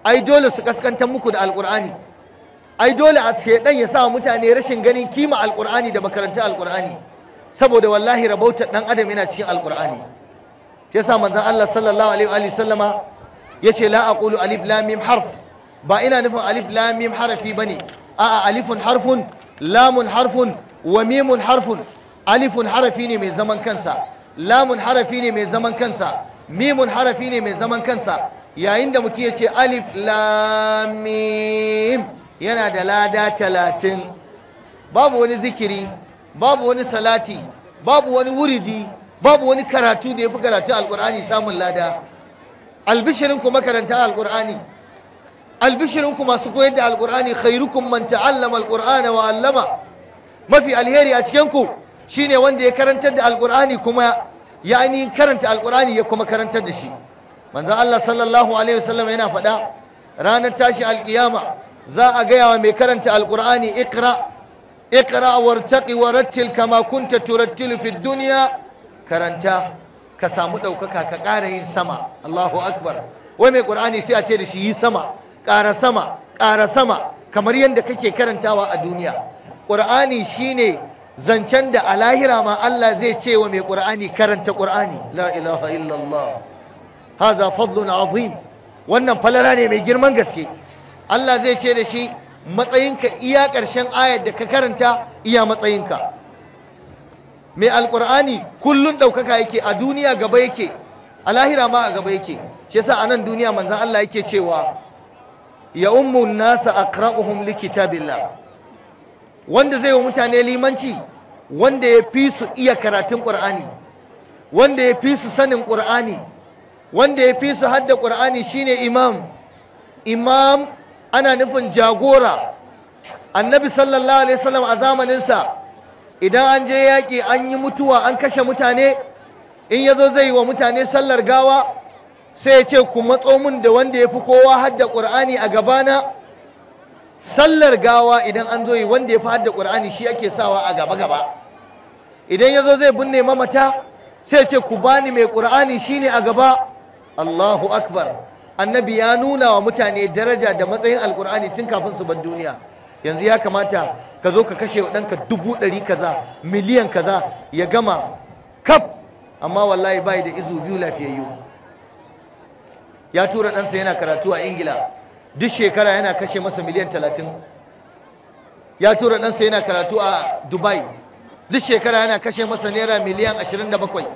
Speaker 1: ai dole su kaskantar muku da alƙur'ani ai dole a shedan ya sa mutane rashin ganin kima alqur'ani da makaranta alqur'ani saboda wallahi rabautar dan adam yana cikin alqur'ani shi yasa manzon Allah sallallahu alaihi wa sallama yace la aqulu alif lam mim harf ba ina nufin alif lam mim harfi bane a'a alifun harfun lamun harfun wa mimun harfun alifun harafi ne mai zaman kansa lamun harafi ne mai zaman kansa mimun harafi ne mai zaman kansa yayin da mutum yace alif lam mim yana da lada talatin babu wani zikiri babu wani salati babu wani wuridi babu wani karatu da ya fi karatu alkur'ani samun lada ku makaranta alkur'ani ku masu koyar da alkur'ani khairukum man ta'allama alkur'ana wa allama mafi alheri a cikinku shine wanda ya karantar da alkur'ani kuma ya ainihin karanta alkur'ani ya kuma karantar da shi manzo Allah sallallahu alaihi wasallam yana faɗa ranar tashi alkiyama za a gaya wa mai karanta alkur'ani ikra ikra wartaqi warattil kama kunta dunya karanta ka samu ɗaukaka ka ƙara yin sama Allahu akbar wai mai qur'ani sai a ce da shi yi sama ƙara sama ƙara sama kamar yadda kake karantawa a duniya qur'ani shine zancen da a lahira ma Allah zai ce wa mai qur'ani karanta qur'ani la ilaha illallah hadha fadlun azim wannan falala ne mai girman gaske Allah zai ce da shi matsayinka iya ƙarshen ayar da ka karanta iya matsayinka mai alƙur'ani kullum ɗaukaka yake a duniya gaba yake a lahira ma a gaba yake shi yasa a nan duniya manzan Allah yake cewa ya ummu nasa a likita biLla? wanda zai wa mutane limanci wanda ya fi su iya karatun ƙur'ani wanda ya fi su sanin ƙur'ani wanda ya fi su hadda ƙur'ani shine imam imam ana nufin jagora annabi sallallahu alaihi wasallam a zamaninsa idan an je yaƙi an yi mutuwa an kashe mutane in ya zo zai yi wa mutane sallar gawa sai ya ce ku matso min da wanda ya fi kowa hadda ƙur'ani a gabana sallar gawa idan an zo yi wanda ya fi hadda ƙur'ani shi ake sawa a gaba gaba idan ya zo zai binne mamata sai ya ce ku bani mai ƙur'ani shine a gaba Allahu akbar annabi ya nuna wa mutane daraja da matsayin alkur'ani tun kafin su bar duniya yanzu ya kamata ka zo ka kashe ɗanka dubu ɗari kaza miliyan kaza ya gama kaf amma wallahi bai da izu biyu lafiyayyu ya tura ɗansa yana karatu a ingila duk shekara yana kashe masa miliyan talatin ya tura ɗansa yana karatu a dubai duk shekara yana kashe masa naira miliyan ashirin da bakwai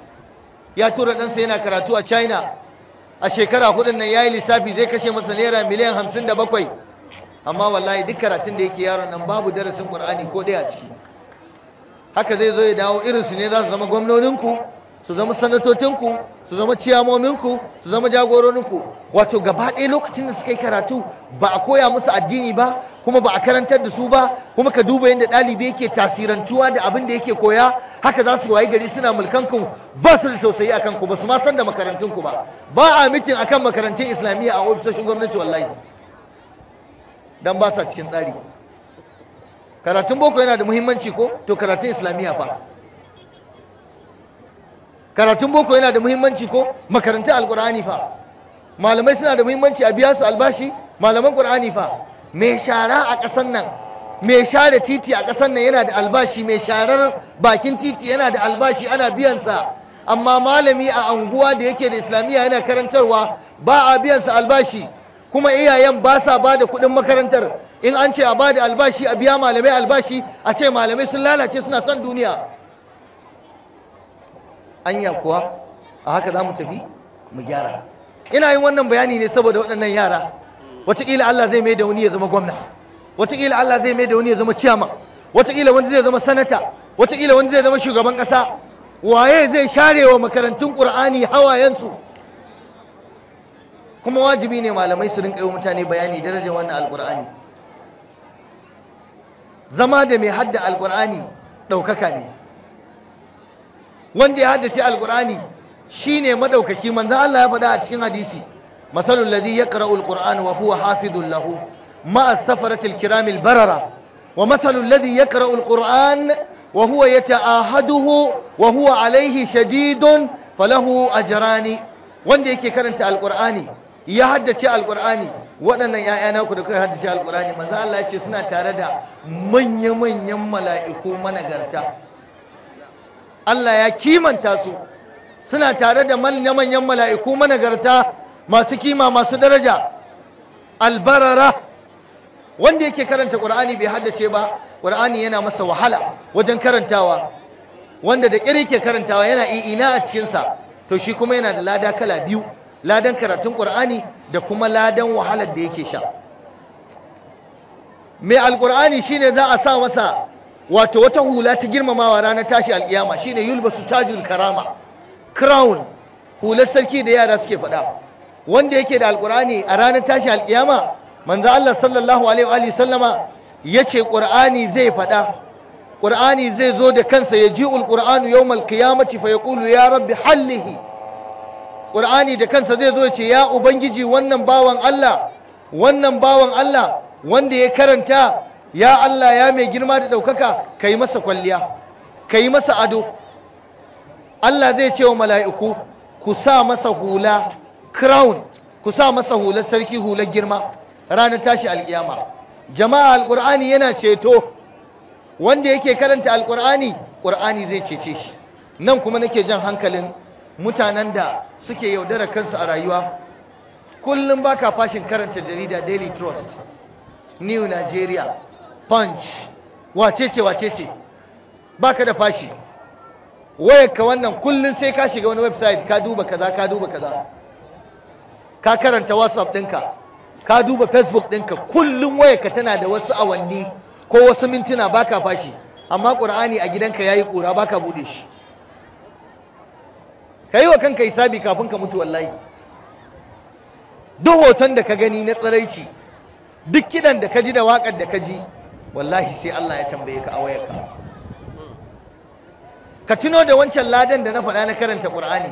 Speaker 1: ya tura ɗansa yana karatu a china a shekara hudun nan ya yi lissafi zai kashe masa naira miliyan hamsin da bakwai amma wallahi duk karatun da yake yaron nan babu darasin ƙur'ani ko ɗaya a ciki haka zai zo ya dawo irin su ne za su zama ku? su zama sanatocinku su zama ciyamominku su zama ku, wato gaba ɗaya lokacin da suka yi karatu ba a koya musu addini ba kuma ba a karantar da su ba kuma ka duba yadda ɗalibi yake tasirantuwa da abin da yake koya haka za su wayi gari suna mulkanku ba su da tausayi akan ku ba su ma san da makarantunku ba ba a mitin akan makarantun islamiyya a ofisoshin gwamnati wallahi dan ba sa cikin tsari karatun boko yana da muhimmanci ko to karatun islamiyya fa karatun boko yana da muhimmanci ko makarantar alkur'ani fa malamai suna da muhimmanci a biya su albashi malaman qur'ani fa mai shara a ƙasar nan mai share titi a ƙasar nan yana da albashi mai sharar bakin titi yana da albashi ana biyansa amma malami a anguwa da yake da islamiyya yana karantarwa ba a biyansa albashi kuma iyayen ba sa ba da kuɗin makarantar in an ce a ba da albashi a biya malamai albashi a ce malamai sun lalace suna son duniya anya kuwa a haka za mu tafi mu gyara ina yin wannan bayani ne saboda waɗannan yara wataƙila Allah zai mai da wani ya zama gwamna wataƙila Allah zai mai da wani ya zama ciyama wataƙila wani zai zama sanata wataƙila wani zai zama shugaban ƙasa waye zai share wa makarantun ƙur'ani hawayensu kuma wajibi ne malamai su rinƙa yi mutane bayani darajar wannan alƙur'ani zama da mai hadda alƙur'ani ɗaukaka ne wanda ya haddace alqur'ani shine madaukaki manzo Allah ya faɗa a cikin hadisi masalul ladhi yaqra'u alqur'ana wa huwa hafidun lahu ma'a safaratil kiramil barara wa masalul ladhi yaqra'u alqur'an wa huwa yata'ahaduhu wa huwa alayhi shadidun falahu ajrani wanda yake karanta alqur'ani ya haddace alqur'ani waɗannan ‘ya'ya naku da kuka haddace alƙurani manzo Allah ya ce suna tare da manya-manyan mala'iku managarta Allah ya kimanta su suna tare da manyan mala'iku managarta masu kima masu daraja albarara wanda yake karanta qur'ani bai haddace ba qur'ani yana masa wahala wajen karantawa wanda da kiri ke karantawa yana ina a cikinsa to shi kuma yana da lada kala biyu ladan karatun qur'ani da kuma ladan wahalar da yake sha mai alqur'ani shine za a sa masa wato wata hula ta girmamawa ranar tashi alkiyama shine yulbasu tajul karama crown hular sarki da yara suke faɗa wanda yake da alkurani a ranar tashi alkiyama manzo Allah sallallahu alaihi wa sallama yace qur'ani zai faɗa qur'ani zai zo da kansa yaji'ul qur'anu yawmal qiyamati fa yaqulu ya rabbi hallihi qur'ani da kansa zai zo yace ya ubangiji wannan bawan Allah wannan bawan Allah wanda ya karanta ya Allah ya mai girma da ɗaukaka ka yi masa kwalliya ka yi masa ado Allah zai ce wa mala'iku ku sa masa hula crown ku sa masa hular sarki hular girma ranar tashi alƙiyama jama'a alƙur'ani yana ceto wanda yake karanta alƙur'ani ƙur'ani zai cece shi nan kuma nake jan hankalin mutanen da suke yaudara kansu a rayuwa kullum baka fashin karanta jarida daily trust new nigeria punch wacece wacece baka da fashi wayar ka wannan kullun sai ka shiga wani website ka duba kaza ka duba kaza ka karanta whatsapp ɗinka ka duba facebook ɗinka kullum wayarka tana da wasu awanni ko wasu mintuna baka fashi amma qur'ani a gidanka yayi kura baka bude shi ka wa kanka hisabi kafin ka mutu wallahi duk hoton da ka gani na tsaraici duk kidan da ka ji da wakar da ka ji wallahi sai Allah ya tambaye ka a wayarka ka tuno da wancan ladan da na faɗa na karanta Qur'ani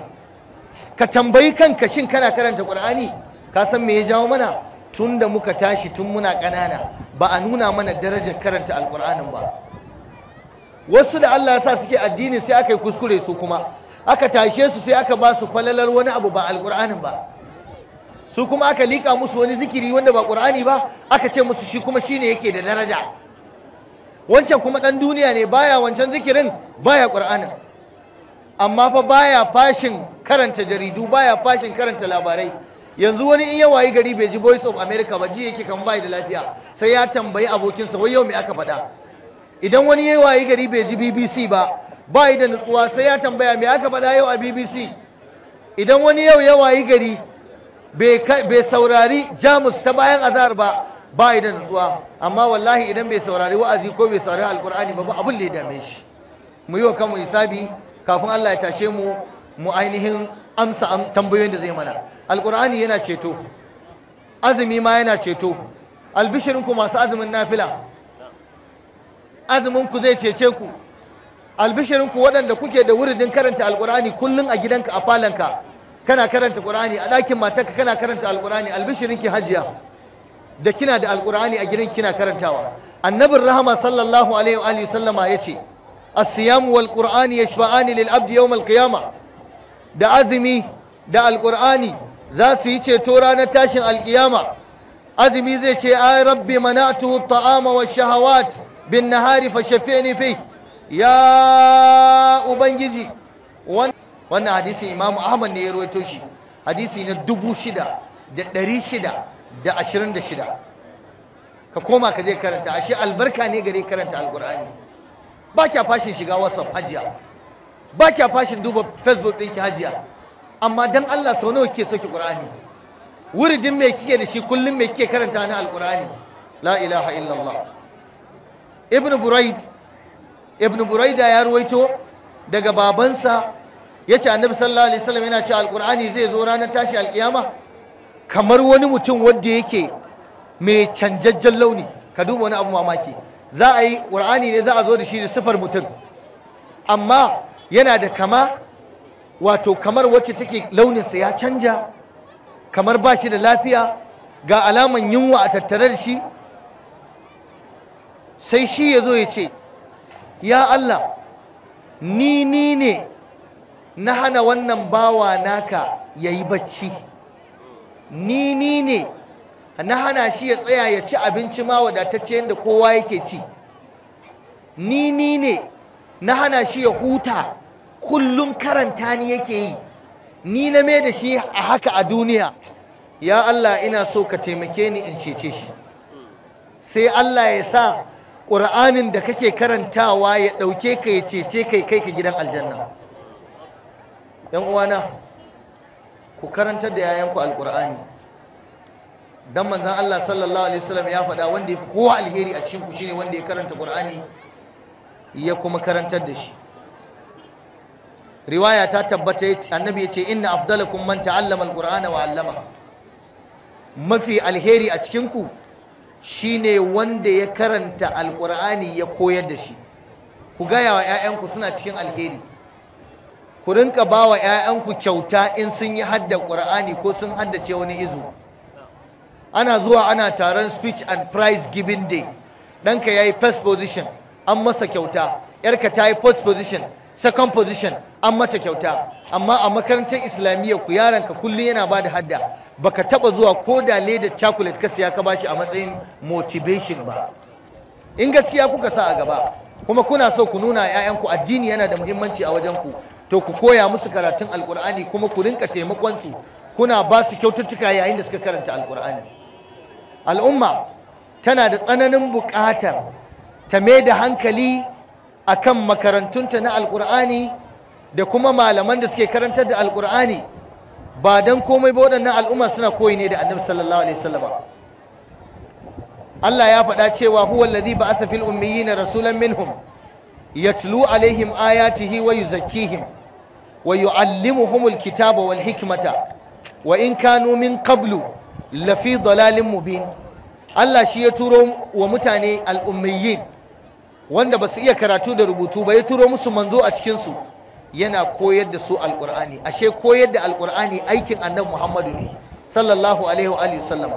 Speaker 1: ka tambayi kanka shin kana karanta Qur'ani ka san me ya jawo mana tun da muka tashi tun muna ƙanana ba a nuna mana darajar karanta alƙur'anin ba wasu da Allah ya sa suke addini sai aka yi kuskure su kuma aka tashe su sai aka ba su falalar wani abu ba alƙur'anin ba su kuma aka liƙa musu wani zikiri wanda ba ƙur'ani ba aka ce musu shi kuma shine yake da daraja wancan kuma ɗan duniya ne baya wancan zikirin baya ƙur'anin amma fa baya fashin karanta jaridu baya fashin karanta labarai yanzu wani in ya wayi gari bai ji voice of america ba ji yake kan bai da lafiya sai ya tambayi abokinsa wai yau me aka faɗa idan wani ya wayi gari bai ji bbc ba bai da nutsuwa sai ya tambaya me aka faɗa yau a bbc idan wani yau ya wayi gari bai saurari jamus ta bayan Azar ba ba da nutsuwa amma wallahi idan bai saurari wa'azi ko bai saurari alkur'ani ba abin da ya dame shi mu yi wa kanmu hisabi kafin Allah ya tashe mu mu ainihin amsa tambayoyin da zai mana alkur'ani yana ceto azumi ma yana ceto albishirin ku masu azumin nafila azumin ku zai cece ku albishirin ku waɗanda kuke da wuridin karanta alkur'ani kullum a gidanka a falanka kana karanta qur'ani a ɗakin matarka kana karanta alkur'ani albishirin ki hajiya da kina da alkur'ani a gidan kina karantawa annabin rahama sallallahu alaihi wa sallama yace, ce asiyamu wal qur'ani yashfa'ani lil abdi yawm al qiyama da azumi da alkur'ani za su yi ceto ranar tashin alkiyama azumi zai ce ay rabbi mana'tuhu at-ta'ama wa shahawat bin nahari fashaffi'ni fi ya ubangiji wannan hadisi imamu ahmad ne ya rawaito shi hadisi na dubu shida da ɗari shida da ashirin da shida ka koma ka je karanta ashe albarka ne gare karanta alkur'ani ba kya fashin shiga whatsapp hajiya ba kya fashin duba facebook ɗinki hajiya amma dan Allah sau nawa kike soki qur'ani wuridin me kike da shi kullum me kike karanta na alkur'ani la ilaha illallah ibn buraid ibn buraida ya ruwaito daga babansa yace annabi sallallahu alaihi wasallam yana cewa alkur'ani zai zo ranar tashi alkiyama kamar wani mutum wanda yake mai canjajjen launi ka duba wani abu mamaki za a yi ƙur'ani ne za a zo da shi da sifar mutum amma yana da kama wato kamar wacce take launinsa ya canja kamar ba shi da lafiya ga alaman yunwa a tattare da shi sai shi ya zo ya ce ya Allah ni ni ne na hana wannan bawa naka ya yi bacci ni ni ne na hana shi ya tsaya ya ci abinci ma wadatacce yadda kowa yake ci ni ni ne na hana shi ya huta kullum karanta ni yake yi ni na mai da shi a haka a duniya ya Allah ina so ka taimake ni in cece shi sai Allah ya sa ƙur'anin da kake karantawa ya ɗauke ka ya cece kai kai ka gidan aljanna ‘yan uwana ku karantar da yayanku alkur'ani dan manzon Allah sallallahu alaihi wasallam ya faɗa wanda ya fi kowa alheri a cikin ku shine wanda ya karanta qur'ani ya kuma karantar da shi riwaya ta tabbata annabi ya ce inna afdalakum man ta'allama alqur'ana wa 'allama mafi alheri a cikin ku shine wanda ya karanta alqur'ani ya koyar da shi ku gaya wa 'ya'yanku suna cikin alheri ku rinka ba wa 'ya'yanku kyauta in sun yi hadda ƙur'ani ko sun haddace wani izu ana zuwa ana taron speech and prize giving day ɗanka ya yi first position an masa kyauta yarka ta yi first position second position an mata kyauta amma a makarantar islamiyya ku yaranka kullum yana ba da hadda baka taɓa zuwa ko da leda chocolate ka siya ka bashi a matsayin motivation ba in gaskiya kuka sa a gaba kuma kuna so ku nuna 'ya'yanku addini yana da muhimmanci a wajen ku to ku koya musu karatun alkur'ani kuma ku rinka taimakon su kuna ba su kyaututtuka yayin da suka karanta alkur'ani al'umma tana da tsananin buƙatar ta mai da hankali akan makarantunta na alkur'ani da kuma malaman da suke karantar da alkur'ani ba don komai ba waɗannan al'umma suna koyi ne da annabi sallallahu alaihi wasallam Allah ya faɗa cewa huwa allazi ba'atha fil ummiyina rasulan minhum yatlu alaihim ayatihi wa yuzakkihim wa yu'allimuhumul kitaba wal hikmata wa in kanu min qablu lafi dalalin mubin Allah shi ya turo wa mutane al'ummiyin wanda ba su iya karatu da rubutu ba ya turo musu manzo a cikinsu yana koyar da su alƙur'ani ashe koyar da alƙur'ani aikin annabi muhammadu ne sallallahu alaihi wa alihi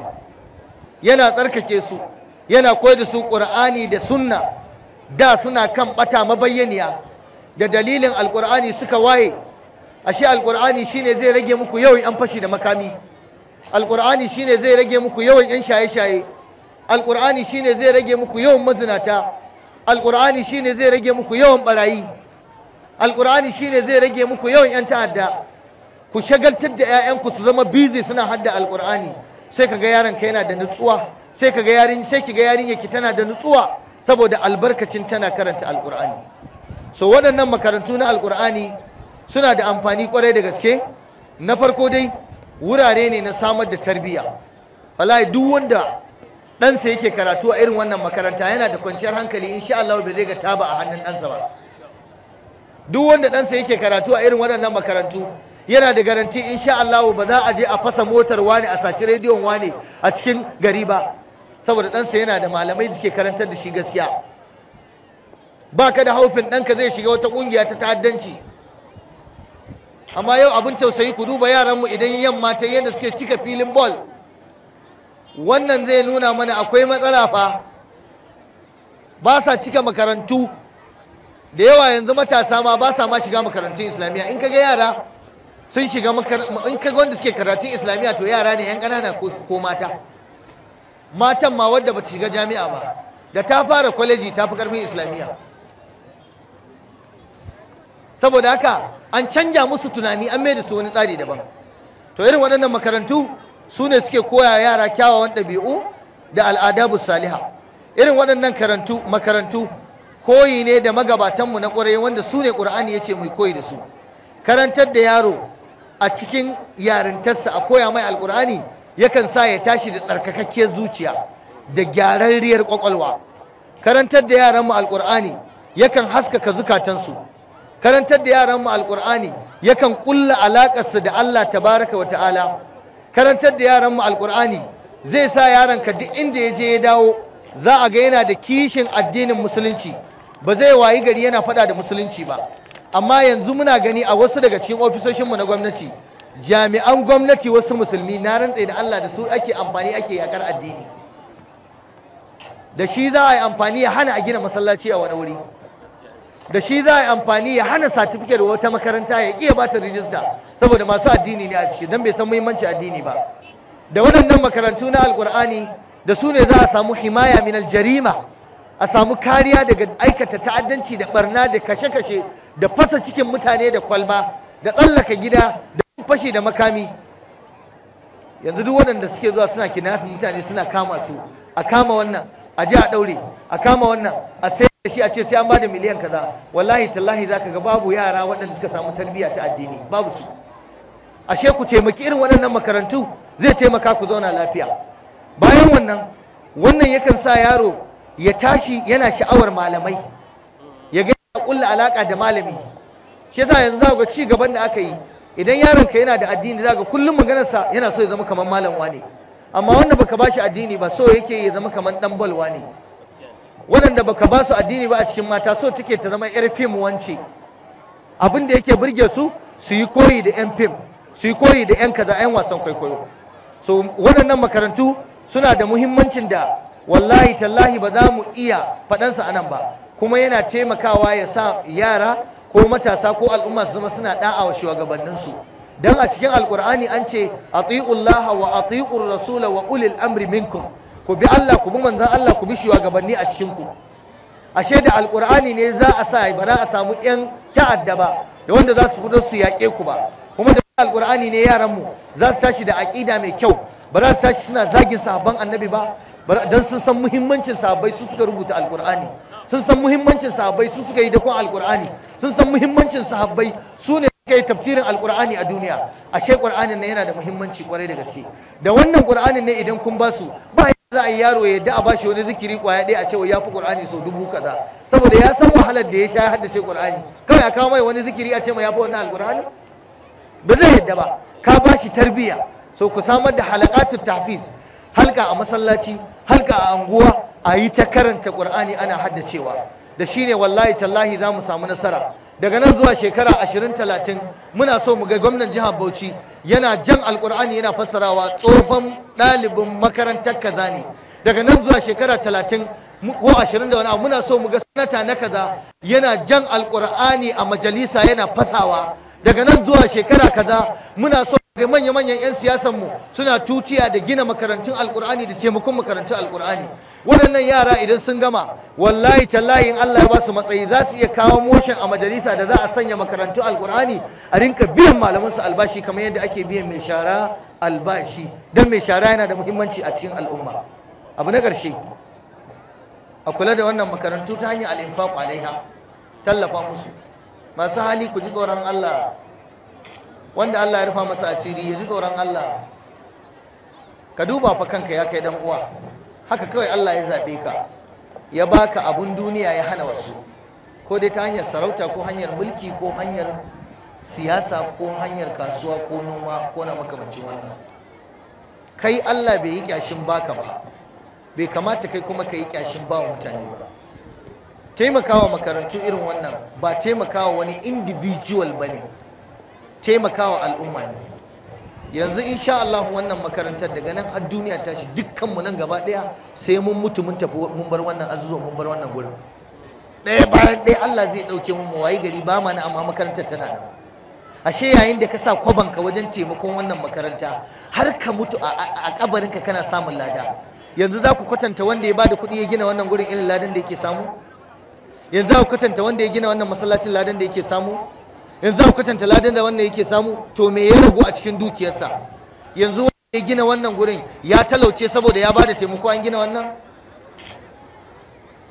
Speaker 1: yana tsarkake su yana koyar da su ƙur'ani da sunna da suna kan bata mabayyaniya da dalilin alƙur'ani suka waye ashe alqur'ani shine zai rage muku yawan yan fashi da makami alqur'ani shine zai rage muku yawan yan shaye-shaye alqur'ani shine zai rage muku yawan mazinata alqur'ani shine zai rage muku yawan barayi alqur'ani shine zai rage muku yawan yan ta'adda ku shagaltar da 'ya'yanku su zama busy suna hadda alqur'ani sai kaga yaron ka yana da nutsuwa sai kaga yarin sai kiga yarinya ki tana da nutsuwa saboda albarkacin tana karanta alqur'ani so waɗannan makarantu na alqur'ani suna da amfani kwarai da gaske na farko dai wurare ne na samar da tarbiyya wallahi duk wanda ɗansa yake karatu a irin wannan makaranta yana da kwanciyar hankali insha Allah bai zai ga taba a hannun ɗansa ba duk wanda ɗansa yake karatu a irin waɗannan makarantu yana da garanti insha Allah ba za a je a fasa motar wani a saci rediyon wani a cikin gari ba saboda ɗansa yana da malamai da ke karantar da shi gaskiya ba ka da haufin ɗanka zai shiga wata ƙungiya ta ta'addanci amma yau abin tausayi ku duba yaranmu idan yamma ta yadda suke cika filin bol wannan zai nuna mana akwai matsala fa ba sa cika makarantu da yawa yanzu matasa ma ba sa ma shiga makarantun islamiyya in kaga yara sun shiga in kaga wanda suke karatun islamiyya to yara ne yan kanana ko mata matan ma wadda bata shiga jami'a ba da ta fara kwaleji ta fi ƙarfin islamiyya saboda haka an canja musu tunani an mai da su wani tsari daban to irin waɗannan makarantu su ne suke koya yara kyawawan ɗabi'u da al'adabu saliha irin waɗannan karantu makarantu koyi ne da magabatanmu na ƙwarai wanda su ne ƙur'ani ya ce mu koyi da su karantar da yaro a cikin yarintarsa a koya mai alƙur'ani yakan sa ya tashi da tsarkakakkiyar zuciya da gyararriyar ƙwaƙwalwa karantar da yaranmu alƙur'ani yakan haskaka zukatansu karantar da yaran mu alqur'ani yakan kulla alakar su da Allah tabaraka wa ta'ala karantar da yaran mu alqur'ani zai sa yaran ka duk inda ya je ya dawo za a ga yana da kishin addinin musulunci ba zai wayi gari yana fada da musulunci ba amma yanzu muna gani a wasu daga cikin ofisoshinmu na gwamnati jami'an gwamnati wasu musulmi na rantse da Allah da su ake amfani ake yakar addini da shi za a yi amfani ya hana a gina masallaci a wani wuri da shi za a yi amfani ya hana satifiket wata makaranta ya iya ba ta rijista saboda masu addini ne a ciki don bai san muhimmanci addini ba da waɗannan makarantu na Alƙur'ani da su ne za a samu himaya min aljarima a samu kariya daga aikata ta'addanci da barna da kashe-kashe da fasa cikin mutane da kwalba da tsallaka gida da fashi da makami yanzu duk waɗanda suke zuwa suna kinafin mutane suna kama su a kama wannan a ji a ɗaure, a kama wannan a sai da shi a ce sai an da miliyan kaza wallahi tallahi zaka ga babu yara waɗanda suka samu tarbiyya ta addini babu su ashe ku taimaki irin waɗannan makarantu zai taimaka ku zauna lafiya bayan wannan wannan yakan sa yaro ya tashi yana sha'awar malamai ya ga kulla alaka da malami shi yasa yanzu za ga ci gaban da aka yi idan yaron ka yana da addini za ga kullum maganarsa yana so ya zama kamar malam wane ne amma wanda baka ba shi addini ba so yake ya zama kamar dan balwa ne wanda baka ba su addini ba a cikin mata so take ta zama yar fim wance abin da yake burge su su yi koyi da yan fim su yi koyi da yan kaza yan wasan kwaikwayo so waɗannan makarantu suna da muhimmancin da wallahi tallahi ba za mu iya faɗansu anan ba kuma yana taimakawa ya sa yara ko matasa ko al'umma su zama suna ɗa'awa wa shugabanninsu dan a cikin alkur'ani an ce atiullaha wa atiur rasul wa ulil amri minkum ku bi Allah ku bi manzon Allah ku bi shugabanni a cikin ku ashe da alkur'ani ne za a sa ba a samu yan ta'adda ba da wanda za su fito su yaƙe ku ba kuma da alkur'ani ne yaran mu za su tashi da aƙida mai kyau ba za su tashi suna zagin sahabban annabi ba dan sun san muhimmancin sahabbai su suka rubuta alkur'ani sun san muhimmancin sahabbai su suka yi da alkur'ani sun san muhimmancin sahabbai su ne kai tafsirin alqur'ani a duniya ashe qur'anin ne yana da muhimmanci kwarai da gaske da wannan qur'anin ne idan kun ba su ba za a yi yaro ya da a bashi wani zikiri kwaya ɗaya a cewa ya fi ƙur'ani sau dubu kaza saboda ya san wahalar da ya sha haddace ƙur'ani kawai a kawo mai wani zikiri a ce ya fi wannan alƙur'ani ba zai yadda ba ka bashi tarbiyya so ku samar da halakatu tafiz halka a masallaci halka a anguwa a yi ta karanta ƙur'ani ana haddacewa da shine wallahi tallahi za mu samu nasara daga nan zuwa shekara 20-30 muna so mu ga gwamnan jihar Bauchi yana jan alkur'ani yana fassarawa tsohon ɗalibin makarantar kaza ne daga nan zuwa shekara 30 ko 20 da wani abu muna so mu ga sanata na kaza yana jan alkur'ani a majalisa yana fasawa daga nan zuwa shekara kaza muna so manya-manyan 'yan siyasanmu suna tutiya da gina makarantun alkur'ani da taimakon makarantun alkur'ani waɗannan yara idan sun gama wallahi tallahin Allah ya ba su matsayi za su iya kawo motion a majalisa da za a sanya makarantun alkur'ani a rinka biyan malaman su albashi kamar yadda ake biyan mai shara albashi don mai shara yana da muhimmanci a cikin al'umma abu na ƙarshe a kula da wannan makarantu ta hanyar al'infaq alaiha tallafa musu masu hali ku ji tsoron Allah wanda Allah ya rufa masa asiri ya ji tsoron Allah ka duba fa kanka ya kai dan uwa haka kawai Allah ya zabe ka ya baka abun duniya ya hana wasu ko dai ta hanyar sarauta ko hanyar mulki ko hanyar siyasa ko hanyar kasuwa ko noma ko na makamancin wannan kai Allah bai yi kyashin baka ba bai kamata kai kuma ka yi kyashin ba mutane ba taimakawa makarantu irin wannan ba taimakawa wani individual bane ne taimakawa al'umma ne yanzu insha Allah wannan makarantar daga nan har duniya ta shi dukkanmu nan gaba daya sai mun mutu mun tafi mun bar wannan azuzo mun bar wannan gurin daya bayan daya Allah zai dauke mu wayi gari ba mana amma makarantar tana nan ashe yayin da ka sa kwabanka wajen taimakon wannan makaranta har ka mutu a kabarinka kana samun lada yanzu za ku kwatanta wanda ya bada kuɗi ya gina wannan gurin irin ladan da yake samu yanzu za ku kwatanta wanda ya gina wannan masallacin ladan da yake samu yanzu ku kwatanta ladan da wannan yake samu to me ya ragu a cikin dukiyarsa yanzu wanda ya gina wannan gurin ya talauce saboda ya bada taimako an gina wannan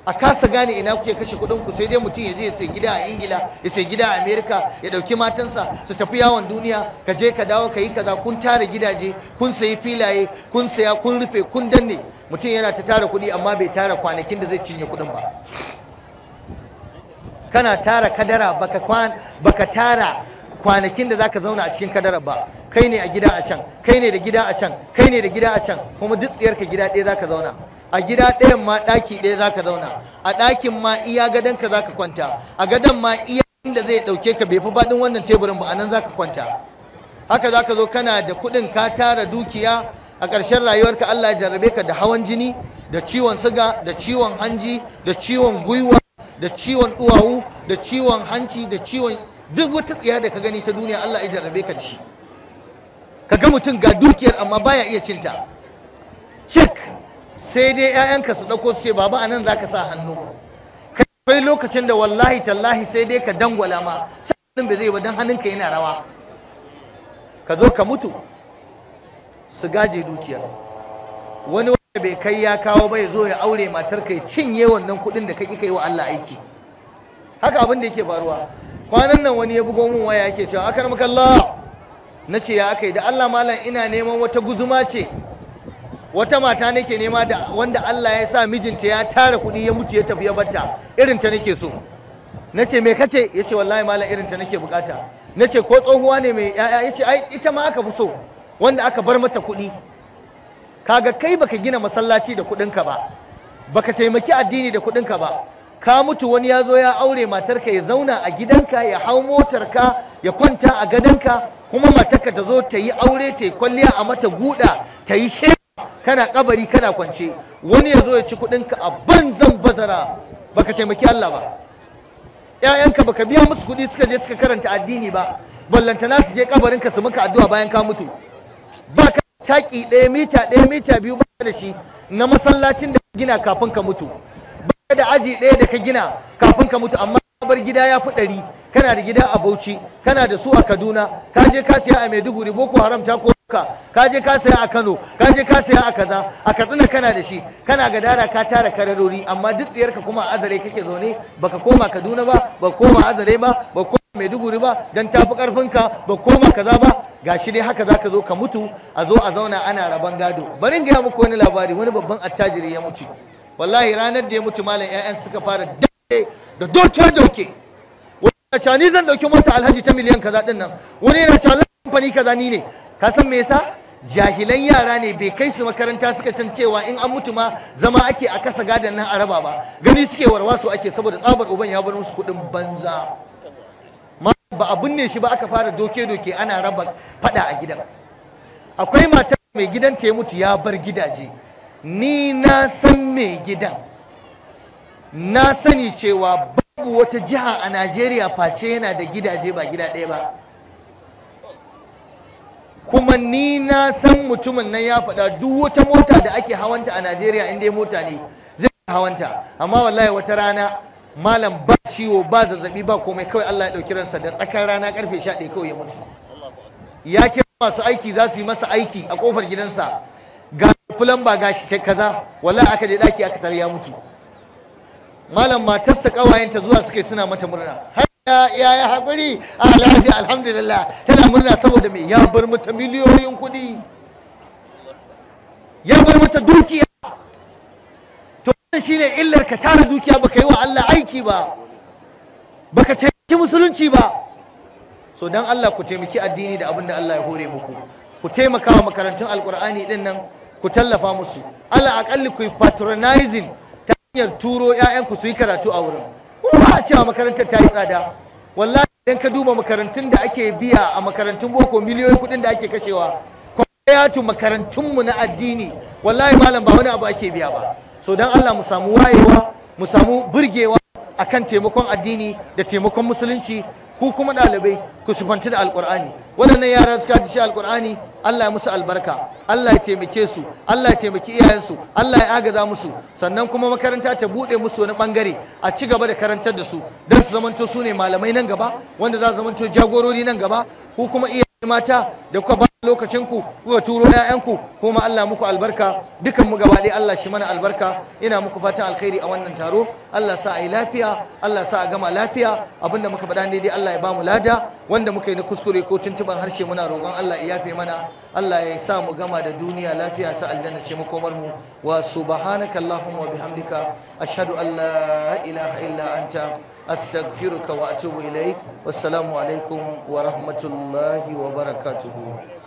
Speaker 1: a kasa gane ina kuke kashe kuɗin ku sai dai mutum ya je ya sai gida a ingila ya sai gida a amerika ya ɗauki matansa su tafi yawon duniya ka je ka dawo ka yi kaza kun tara gidaje kun sayi filaye kun saya kun rufe kun danne mutum yana ta tara kuɗi amma bai tara kwanakin da zai cinye kuɗin ba kana tara kadara baka tara kwanakin da zaka zauna a cikin kadara ba kai ne a gida a can kai ne da gida a can kai ne da gida a can kuma duk tsiyarka gida ɗaya zaka zauna a gida ɗayan ma ɗaki ɗaya zaka zauna a ɗakin ma iya gadonka zaka kwanta a gadon ma iya inda zai ɗauke ka bai fi baɗin wannan teburin ba a nan zaka kwanta haka zaka zo kana da kuɗin ka tara dukiya a ƙarshen rayuwarka Allah ya jarrabe ka da hawan jini da ciwon siga da ciwon hanji da ciwon gwiwa da ciwon duwawu da ciwon hanci da ciwon duk wata tsiya da ka gani ta duniya Allah ya jarrabe ka da shi ka ga mutum ga dukiyar amma baya iya cinta cik sai dai 'ya'yanka su dauko su ce baba anan za sa hannu kai lokacin da wallahi tallahi sai dai ka dangwala ma sai ba zai ba dan hannunka yana rawa ka zo ka mutu su gaje dukiyar wani bai kai ya kawo bai zo ya aure matar kai cinye wannan kudin da kai kai wa Allah aiki haka abin da yake faruwa kwanan nan wani ya bugo mun waya yake cewa akar makalla na ce ya aka da Allah malam ina neman wata guzuma ce wata mata nake nema da wanda Allah ya sa mijinta ya tara kudi ya mutu ya tafi ya batta irin ta nake so na ce me kace ya ce wallahi malam irin ta nake bukata na ce ko tsohuwa ne mai ya'ya ya ce ai ita ma aka fi so wanda aka bar mata kudi. kaga kai baka gina masallaci da kuɗinka ba baka taimaki addini da kuɗinka ba ka mutu wani ya zo ya aure matarka ya zauna a gidanka ya hau motarka ya kwanta a gadonka kuma matarka ta zo ta yi aure ta yi kwalliya a mata guda ta yi she kana kabari kana kwance wani ya zo ya ci kuɗinka a banzan bazara baka taimaki Allah ba ƴaƴanka baka biya musu kuɗi suka je suka karanta addini ba ballantana su je kabarinka su maka addu'a bayan ka mutu baka taki ɗaya mita ɗaya mita biyu ba da shi na masallacin da ka gina kafin ka mutu ba da aji ɗaya da ka gina kafin ka mutu amma bar gida ya fi ɗari kana da gida a Bauchi kana da su a Kaduna ka je ka siya a Maiduguri Boko Haram ta ko ka ka je ka siya a Kano ka je ka siya a kaza a Katsina kana da shi kana gadara ka tara kararori amma duk tsiyarka kuma a azare kake zaune baka koma Kaduna ba baka koma azare ba duguri ba don tafi karfinka ba koma kaza ba Ga shi dai haka zaka zo ka mutu a zo a zauna ana rabon gado bari gaya muku wani labari wani babban attajiri ya mutu wallahi ranar da ya mutu malam ƴaƴan suka fara da doke doke wani yana cani zan dauki mota alhaji ta miliyan kaza din nan wani yana cani kamfani kaza ni ne ka san me yasa jahilan yara ne bai kai su makaranta suka can cewa in an mutu ma zama ake a kasa gadon nan a raba ba gani suke warwasu ake saboda tsabar uban ya bar musu kuɗin banza ba a binne shi ba aka fara doke-doke ana raba fada a gidan akwai mata mai gidan ta ya mutu ya bar gidaje ni na san mai gidan na sani cewa babu wata jiha a najeriya face yana da gidaje ba gida ɗaya ba kuma ni na san mutumin nan ya faɗa duk wata mota da ake hawanta a najeriya inda mota ne zai hawanta amma wallahi wata rana malam ba ciwo ba zazzabi ba komai kawai Allah ya ɗauki ransa da tsakar rana karfe sha ɗaya kawai ya mutu ya kira masu aiki za su yi masa aiki a kofar gidansa ga ba ga kaza wala aka je ɗaki aka tar ya mutu malam matarsa kawayenta zuwa suke suna mata murna har ya ya haƙuri a ah, lafiya alhamdulillah tana murna saboda me ya bar mata miliyoyin kuɗi ya bar mata dukiya shi ne illar ka tara dukiya baka yi wa Allah aiki ba baka taimaki musulunci ba so don Allah ku taimaki addini da abin da Allah ya hore muku ku taimaka wa makarantun alkur'ani din nan ku tallafa musu Allah akalli ku patronizing ta hanyar turo ya'yan su yi karatu a wurin ba a cewa makarantar ta yi tsada wallahi idan ka duba makarantun da ake biya a makarantun boko miliyoyin kuɗin da ake kashewa ko makarantun makarantunmu na addini wallahi malam ba wani abu ake biya ba so don Allah mu samu wayewa mu samu burgewa kan taimakon addini da taimakon musulunci ku kuma ɗalibai ku sufanti da alƙur'ani waɗannan yara suka ji shi alƙur'ani Allah ya musu albarka Allah ya taimake su Allah ya taimaki iyayensu Allah ya agaza musu sannan kuma makaranta ta buɗe musu wani bangare a ci gaba da karantar da su don su zamanto su ne malamai nan gaba wanda za su zamanto jagorori nan gaba ku kuma iya mata da kuka ba lokacin ku kuka turo ku kuma Allah muku albarka dukan mu gaba ɗaya Allah shi mana albarka ina muku fatan alkhairi a wannan taro Allah sa a yi lafiya Allah sa a gama lafiya abinda muka faɗa ne dai Allah ya mu lada wanda muka yi na kuskure ko tuntuban harshe muna roƙon Allah ya yafe mana Allah ya sa mu gama da duniya lafiya sa aljanna ce makomar mu wa subhanakallahumma wa bihamdika ashhadu an la ilaha illa anta أستغفرك وأتوب إليك والسلام عليكم ورحمة الله وبركاته